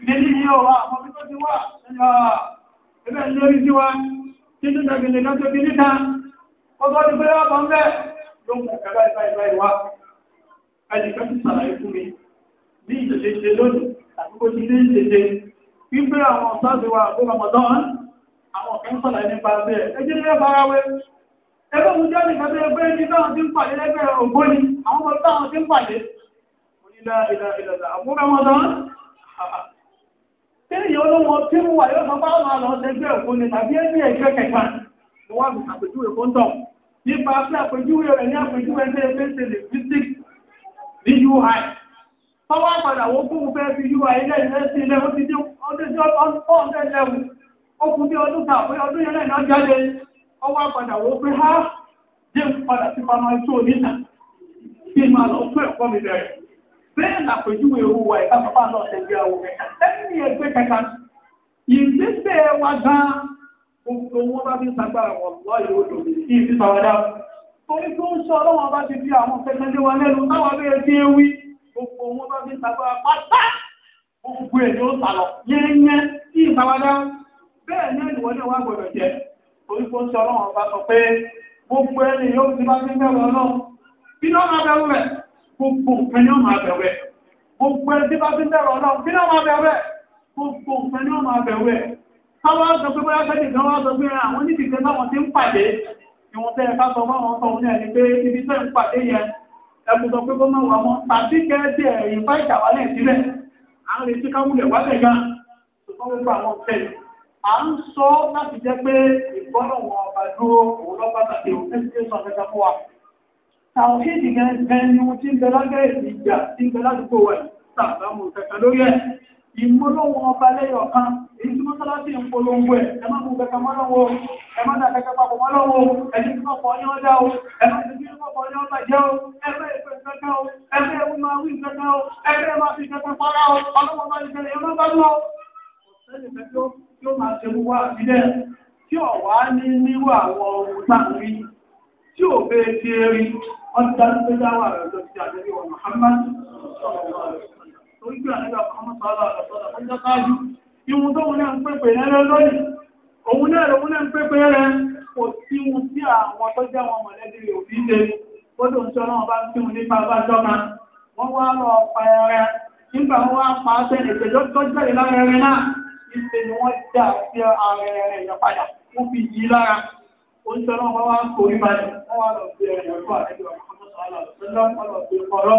ìdílé yìí ò wá àwọn bí tó ti ẹgbẹ́ ń lórí sí wa títí tàbílẹ̀ náà tó bí níta ọgbọ́n ti pé ọkọ̀ ń bẹ́ẹ̀ ló ń kọ̀ kẹ́ báyìí báyìí ní ìṣẹ̀ṣẹ̀ lónìí tàbí kó ti ní ìṣẹ̀ṣẹ̀ wípé àwọn ọ̀sáàsì wa àgbé Ramadan àwọn ọ̀kẹ́ ń sọ̀rọ̀ nípa bẹ́ẹ̀ ẹ jẹ́ nílẹ̀ fara wé ẹgbẹ́ òun jẹ́ nìkan tó ẹgbẹ́ ní táwọn ti ń pàdé lẹ́gbẹ́ ògbóni àwọn ọmọ táwọn ti ń pàdé onílà ìlà ìlàlà àbúrò Ramadan téèyàn olówó tí mo wà yóò sọ bá wọn lọ sẹgbẹ́ ògbóni tàbí ẹni ẹgbẹ́ kẹta mo wá mi àpèjúwe kó ń tọ̀ nípa pé àpèjúwe rẹ̀ ní àpèjúwe ẹgbẹ́ ẹgbẹ́ ṣe lè fi sí ní UI tọ́wọ́ àpàdà wọ́n kó fẹ́ fi yú ayé lẹ́sìn ilé ó ti dé ọdún tí ó ń tẹ̀lé ẹ̀wù ó bí ọdún kan àpé ọdún yẹn náà jáde ọwọ́ àpàdà wọ́n pé há dé padà sí pamọ́ tó níta kí n máa lọ fún ẹ̀kọ́ mi bẹ̀rẹ̀ bẹ́ẹ̀ làpèjúwe owó wa ìka bàbá náà tẹ̀lé ẹ̀wù kẹta lẹ́yìn ẹgbẹ́ kẹta ìgbésẹ̀ wa gan gbogbo bá fi sagbára wọn lọ́ọ̀yì odò kí torí tó ń sọ ọlọ́wọ́n bá ti fi àwọn kẹtẹ́lé gbogbo wọn bá fi ń sagbára pátá gbogbo ẹ̀ ni ó sàlọ̀ yẹ́nyẹ́ sí ìpàwọ́dá bẹ́ẹ̀ ní ẹ̀dùnwọ́n náà wà gbọ́dọ̀ jẹ́ torí kó ń ṣe ọlọ́run ọba sọ pé gbogbo ẹni yóò ti bá fi ń bẹ̀rù ọlọ́run bí náà máa bẹ̀rù rẹ̀ gbogbo nǹkan ni ó máa bẹ̀rù rẹ̀ gbogbo ẹni tí bá fi ń bẹ̀rù ọlọ́run bí náà máa bẹ̀rù rẹ̀ gbogbo nǹkan ni ó máa bẹ̀rù rẹ̀ káwá sọ pé bóyá sẹ́ni kan wá sọ pé àwọn onídìí kan táwọn ti ń pàdé ìwọ̀n tẹ́ ẹ bá sọ fáwọn ọ̀tọ̀ ní ẹni pé ibi tẹ́ ń pàdé yẹn ẹkùn sọ pé kó máa wà mọ́ tàbí kẹ́ẹ̀dì ẹ̀yìn fáìtà wà lẹ́yìn síbẹ̀ à ń retí káwùlẹ̀ wálẹ̀ gan ṣùgbọ́n gbogbo àwọn ọ̀fẹ́ à ń sọ láti jẹ́ pé ìgbọ́nàwọ̀ ọba dúró òun lọ pàtàkì òun fẹ́ẹ́ ṣe sọ kẹta fún wa. àwọn ìmọ̀lọ́wọ́ ọba lẹ́yọ̀ kan èyí tí mọ́sálásí ń polongo ẹ̀ ẹ má mú kẹkẹ mọ́lọ́wọ́ ẹ má dà kẹkẹ papọ̀ mọ́lọ́wọ́ ẹni tí wọ́n fọ ọyán dá o ẹ má ti fi wọ́n fọ ọyán bàjẹ́ o ẹ bẹ́ẹ̀ o ẹ bẹ́ẹ̀ wọ́n máa wí kankan o ẹ bẹ́ẹ̀ máa fi kankan pọ́nrá o ọlọ́wọ́ máa ti tẹ̀lé ẹ má bá lọ. ọ̀sẹ̀ nìkan tí ó máa ṣe wá sílẹ̀ tí ọ̀wá ní nírú àwọn ohun táwọn tí ò bẹ́ẹ̀ ti rí ọ̀dà tó dáwà rẹ̀ lọ sí Muhammad torí pé àlejò àkọ́mọ́ sọ́lá àlọ́sọ́lá tó ń jẹ́ káàdì ìwọ̀n tó wọn náà ń pèpè lẹ́rẹ́ lónìí òun náà lòun náà ń pèpè rẹ kò ń sọ náà bá wọ́n wá lọ pa ẹrẹ nígbà wọn wá pa á sẹ́ni ìpèjọ́ tó jáde lára ẹrẹ náà ìpè ni wọ́n dà sí ara ẹrẹ yẹn padà wọ́n fi yí lára ó ń sọ náà wọ́n wá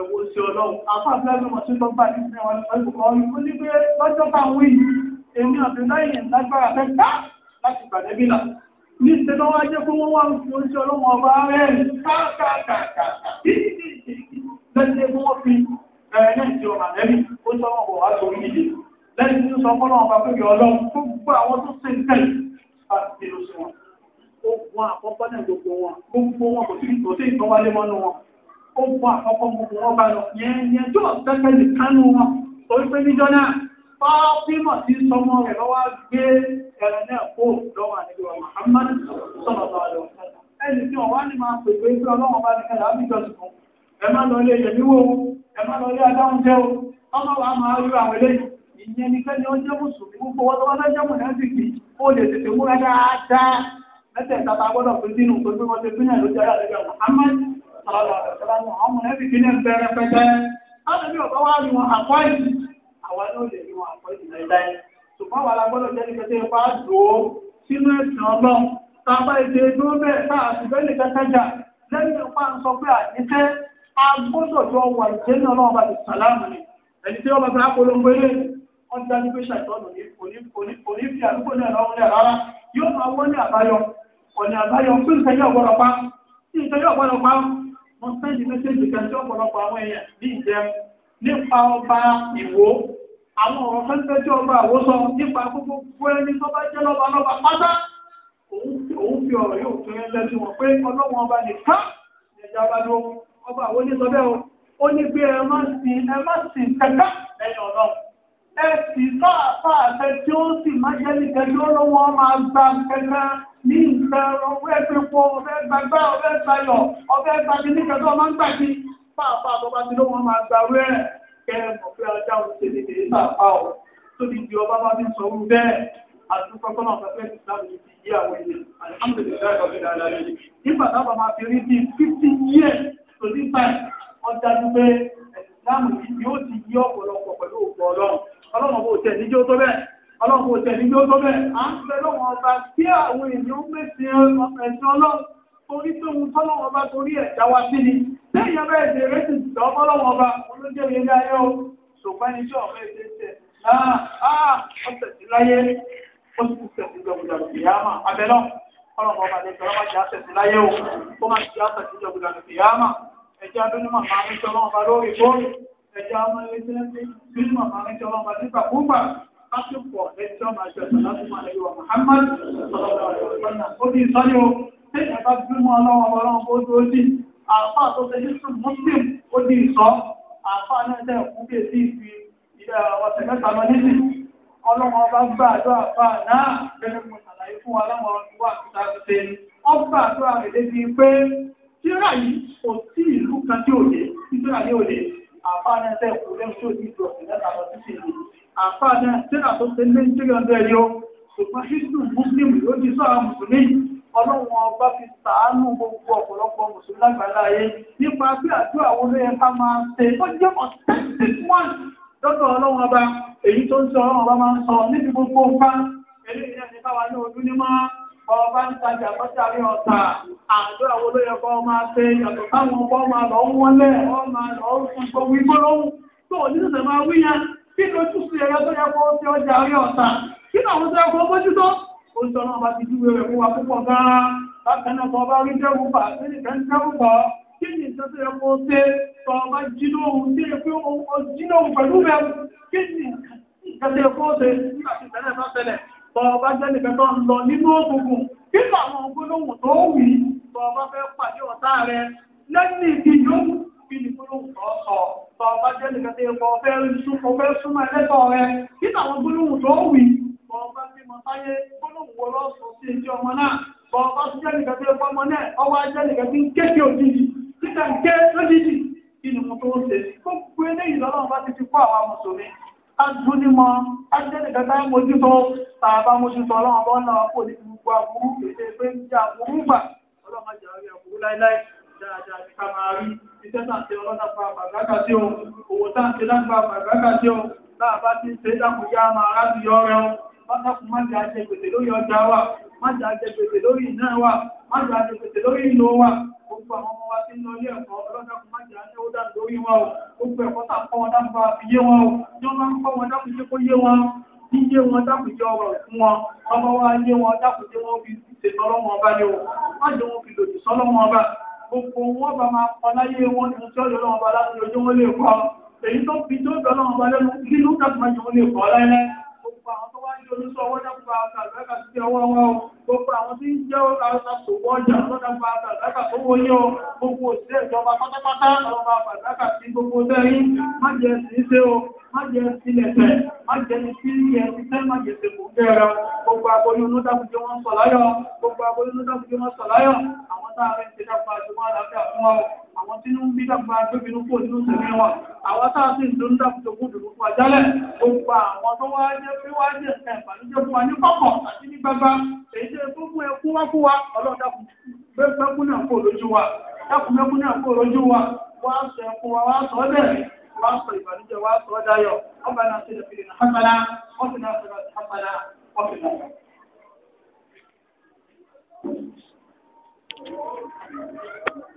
ẹ̀wọ̀ sí ọlọ́run afáàfẹ́lú wọn tí lọ́gbà ní ìpínlẹ̀ wọn pẹ̀lú ọ̀run ó ní pé lọ́jọ́ bá wí èmi àti lẹ́yìn lágbára fẹ́ gbá láti gbàdébí là ní ṣe lọ́wọ́ ajé fún wọn wá fi oúnjẹ ọlọ́run ọba rẹ̀ káàkàkàkà lẹ́yìn tí wọ́n fi bẹ̀rẹ̀ náà ti ọ̀nà lẹ́bí ó sọ wọn kò wá sórí ìdíje lẹ́yìn tí ó sọ fọ́nà ọba pé kí ọlọ́run gbogbo àwọn tó ṣe ń tẹ̀lé láti dé lọ sí wọn ó gun àkọ́kọ́ náà gbogbo wọn gbogbo wọn kò sí ìtòsí ìtọ́wálé mọ́nú wọn ó fún àkọ́kọ́ gbogbo wọn bá lọ yẹn yẹn tó pẹ́pẹ́ lè kánú wọn torí pé níjọ́ náà fọ́ọ́fímọ̀ tí sọmọ rẹ̀ lọ́wọ́ gbé ẹran náà kó lọ́wọ́ àdéhùn Muhammad sọ̀rọ̀ lọ́wọ́ lọ́wọ́ ẹni tí wọ́n wá ní máa pèpè pé ọlọ́wọ́n bá ní kẹlẹ́ àbíjọ tuntun ẹ má lọ ilé yẹmí wo ẹ má lọ ilé adáhùn jẹ́ o ọmọ wa máa rí àwọn eléyìí ìyẹn ni kẹ́ni ó jẹ́ mùsùlùmí gbogbo wọn lọ́wọ́ lọ́jọ́ mọ̀ náà sì kì ó lè tètè múra dáadáa mẹ́tẹ̀ẹ̀ta ta gbọ́dọ̀ pé sínú pé pé wọ́n ti pín náà ló jẹ́ àlejò Muhammad sọ̀rọ̀ àdàkọ́lá ní àwọn mọ̀lẹ́bí kí ní ń bẹ̀rẹ̀ pẹ́pẹ́ láti bí ọ̀gá wa ní wọn àpọ̀ yìí àwa ní òde ní wọn àpọ̀ yìí láíláí ṣùgbọ́n wà lágbọ́dọ̀ jẹ́ ní pẹ́pẹ́ ipa dùn ó sínú ẹ̀sìn ọlọ́run tá a bá ètò ìdúró bẹ́ẹ̀ tá a sì bẹ́ẹ̀ lè kẹ́kẹ́jà lẹ́yìn ipa ń sọ pé àdíṣẹ́ agbọ́dọ̀ jọ wà ìjẹ́nà ọlọ́run bá ti sàlámù ni ẹni tí wọ́n bá fẹ́ apolongo ilé wọ́n dájú pé ṣàtọ́nù ní òní fi àdúgbò náà lọ́wọ́ náà rárá yóò máa wọ́n ní àbáyọ ọ̀nà àbáyọ fún ìtẹ́jọ́ ọ̀gbọ́dọ̀ pa ìtẹ́jọ́ ọ̀gbọ́dọ̀ pa wọ́n sẹ́ndì mẹ́sẹ́jì kan sí ọ̀pọ̀lọpọ̀ àwọn èèyàn ní ìjẹun nípa ọba ìwò àwọn ọ̀rọ̀ fẹ́ńtẹ́jì ọba àwòsọ nípa gbogbo ẹni tó bá jẹ́ lọ́ba lọ́ba pátá òun fi ọ̀rọ̀ yóò tún ẹ lẹ́sìn wọn pé ọlọ́run ọba nìkan ẹ̀jẹ̀ abájọ́ ọba àwọn onísọ̀bẹ́ o ó ní pé ẹ má sìn ẹ má sìn kẹkẹ lẹ́yìn ọ̀nà ẹ sì fáàfáà fẹ́ tí ó sì má jẹ́ nìkan tí ó lọ́wọ́ máa gba kẹkẹ ní nǹkan ọgbẹ́ ẹgbẹ́ pọ̀ ọbẹ̀ gbàgbá ọbẹ̀ gbàyọ̀ ọbẹ̀ gbàgbé nígbà tó máa ń gbàgbé pàápàá bọ́ba ti ló wọn máa gbà wẹ́ kẹ́ ẹ̀kọ́ ọjà òun ṣe pàápàá o tó ti di ọba bá ti sọ orú bẹ́ẹ̀ àdúgbò kọ́nà pẹ́pẹ́ ti sáà lè fi yí àwọn ènìyàn alihamudulilayi ọ̀gbìn dáadáa yìí nígbà táwọn máa fi rí bíi fifty years to this time ọjà dúpẹ́ ẹ̀sìn láàmù yìí yóò ti yí ọ̀pọ̀lọpọ̀ pẹ̀lú òkú ọlọ́run ọlọ́run kò ọlọ́run òtẹ̀ níbi ó tó bẹ́ẹ̀ à ń bẹ lọ́wọ́ ọba tí àwọn èèyàn ń pèsè ẹ̀sìn ọlọ́run torí pé òun tọ́lọ́wọ́ ọba torí ẹ̀ já wa sí ni lẹ́yìn ọba ẹ̀sìn rẹ̀ sì tọ́ ọlọ́wọ́ ọba olóúnjẹ mi ilé ayé o ṣùgbọ́n ẹni tí ọ̀fẹ́ ṣe ń tẹ̀ áá ọ̀sẹ̀ sí láyé ó sì tẹ̀ sí gbọ̀gbọ̀dà ìyáàmà abẹ́lọ́ ọlọ́run ọba lè tọ́lọ́ máa jẹ́ àṣẹ sí o ó máa jẹ́ àṣẹ sí gbọ̀gbọ̀dà ìyáàmà ẹ̀jẹ̀ adúlùmọ̀ máa ń tọ́lọ́ ọba lórí fóònù ẹ̀jẹ̀ lásìkò ẹjọ́ máa ṣe ọ̀sán lásìkò àlejò Muhammad sọlọ́dọ̀ ọ̀sán ó ní ìsọ́ni o tẹ́lẹ̀ bá gbímọ̀ ọlọ́wọ́ ọlọ́wọ́ ó dúró sí àáfàá tó ṣe yíṣù muslim ó ní ìsọ́ àáfàá náà dẹ̀ kú bí èsì ìfi ọ̀sẹ̀ mẹ́ta lọ nísìn ọlọ́wọ́ bá gbà àjọ àáfàá náà gẹ́gẹ́ mo ṣàlàyé fún wa láwọn ìwà àkúta ṣe ọ gbà àjọ àrèlé bíi pé tíra yìí kò sí ìlú kan tí òde tíra yìí òde àáfàá náà dẹ̀ kú lẹ́nu tí ò àfáà náà tíra tó ṣe lé tíra ń bẹ́ẹ̀ yó ṣùgbọ́n hindu muslim ló ti sọ àwọn mùsùlùmí ọlọ́run ọba fi sàánú gbogbo ọ̀pọ̀lọpọ̀ mùsùlùmí lágbàláyé nípa pé àdúrà wo ló yẹ ká máa ṣe ó jẹ́ authentic one lọ́dọ̀ ọlọ́run ọba èyí tó ń sọ ọlọ́run ọba máa ń sọ níbi gbogbo ọba eléyìí náà ní káwa ní ojú ní máa ọba ń tajà lọ́jà rí ọ̀tà àdúrà wo ló yẹ kọ́ máa ṣe kí ni ojúṣe ẹ̀yà tó yẹ kó ṣe ọjà rí ọ̀tá kí ni àwọn tó yẹ kó mójútó ó sọ náà bá ti dúró rẹ̀ fún wa púpọ̀ gan-an bákan náà rí dẹ́rù bà kí ni kẹ́ ń dẹ́rù bọ̀ kí ni ìṣe tó yẹ kó ṣe tọ́ ọba jílóhùn tí èpè jílóhùn pẹ̀lú rẹ̀ kí ni ìṣe tó yẹ kó ṣe tí ìṣẹ̀lẹ̀ bá ṣẹlẹ̀ tọ́ ọba tó ọba fẹ́ kí ni gbólóhùn tó sọ tó ọba jẹ́ nìkan tó yẹ kó ọfẹ́ ọfẹ́ súnmọ́ ẹlẹ́tọ̀ọ́ rẹ kí làwọn gbólóhùn tó wì tó ọba ti mọ sáyé gbólóhùn wo lọ sọ sí ẹjọ́ ọmọ náà tó ọba ti jẹ́ nìkan tó yẹ kó ọmọ náà ọwọ́ ajẹ́ nìkan tó ń ké kí òjijì níta ń ké lójijì kí ni mo tó ń ṣe gbogbo eléyìí lọ́lọ́run bá ti ti kó àwa mùsùlùmí adúnímọ̀ ajẹ́nìkan táyé mójútó tàbá mójútó ọlọ́run bọ́ náà kò ní gbogbo àbúrú èdè pé ń jẹ àbúrú gbà ọlọ́run ajẹ́ àbúrú láéláé dáadáa ní ká máa rí iṣẹ́ tàǹtẹ̀ ọlọ́dàpá àgbàgbà sí òun òwò tàǹtẹ̀ lágbà àgbàgbà sí òun láàbá tí ń ṣe dákun yá máa rábì ọrẹ òun pátákùn má jà jẹ gbèsè lórí ọjà wa má jà jẹ gbèsè lórí iná wa má jà jẹ gbèsè lórí ìlú wa gbogbo àwọn ọmọ wa ti ń lọ ilé ẹ̀kọ́ ọlọ́dàkùn má jà ní ó dá lórí wọn o gbogbo ẹ̀kọ́ tà kọ́ wọn dákun bá fi yé wọn o tí wọ́n bá ń kọ́ wọn dákun ṣe kó yé wọn yíyé wọn dákùnjẹ ọ̀rọ̀ fún fi ṣètò ọlọ́wọ́n ọba ni o má jẹ́ wọn fi lòdì sọ́lọ́wọ́n ọba gbogbo wọn bá máa kọ láyé wọn ní ọjọ́ ìlú ọba láti ojú wọn lè kọ èyí tó fi tó ìjọ náà ọba lẹ́nu nínú kàtúmọ̀ yìí wọn lè kọ láyé gbogbo àwọn tó wá ní olùsọ ọwọ́ dákúbà àgbàlùbákà sí ọwọ́ wọn gbogbo àwọn tí ń jẹ́ májẹ̀ sílẹ̀tẹ̀ májẹ̀ sílẹ̀ ẹ̀síṣẹ́ májẹ̀ sẹ̀kù kẹrẹ gbogbo aboyún ló dákúnjẹ́ wọn sọ láyọ̀ gbogbo aboyún ló dákúnjẹ́ wọn sọ láyọ̀ àwọn táàrin ti dákúnjẹ́ àjùmọ̀ àlàáfíà fún ọ àwọn tí ń bí dàgbà gbébinú kò nínú sẹ̀mí wọn àwọn tá a sì ń dún dàgbà tó gbúdùn fún àjálẹ̀ gbogbo àwọn tó wáá jẹ́ pé wáá jẹ́ ẹ̀ ìbànújẹ́ fún wa ní kọ̀kọ̀ àti ní gbangba èyí tẹ́ fún fún ẹkú wá fún wa ọlọ́run dákun gbẹ́gbẹ́kún náà kó lójú wa dákun mẹ́kún náà kó lójú wa wá sọ ẹkún wa wá sọ ọ́ bẹ̀rẹ̀ wá sọ ìbànújẹ́ wá sọ dayọ̀ ọba náà ṣe lẹ́fẹ̀ẹ́ náà hàpàlà wọ́n fi náà sọ̀rọ̀ hàpàlà wọ́n fi náà. Thank you.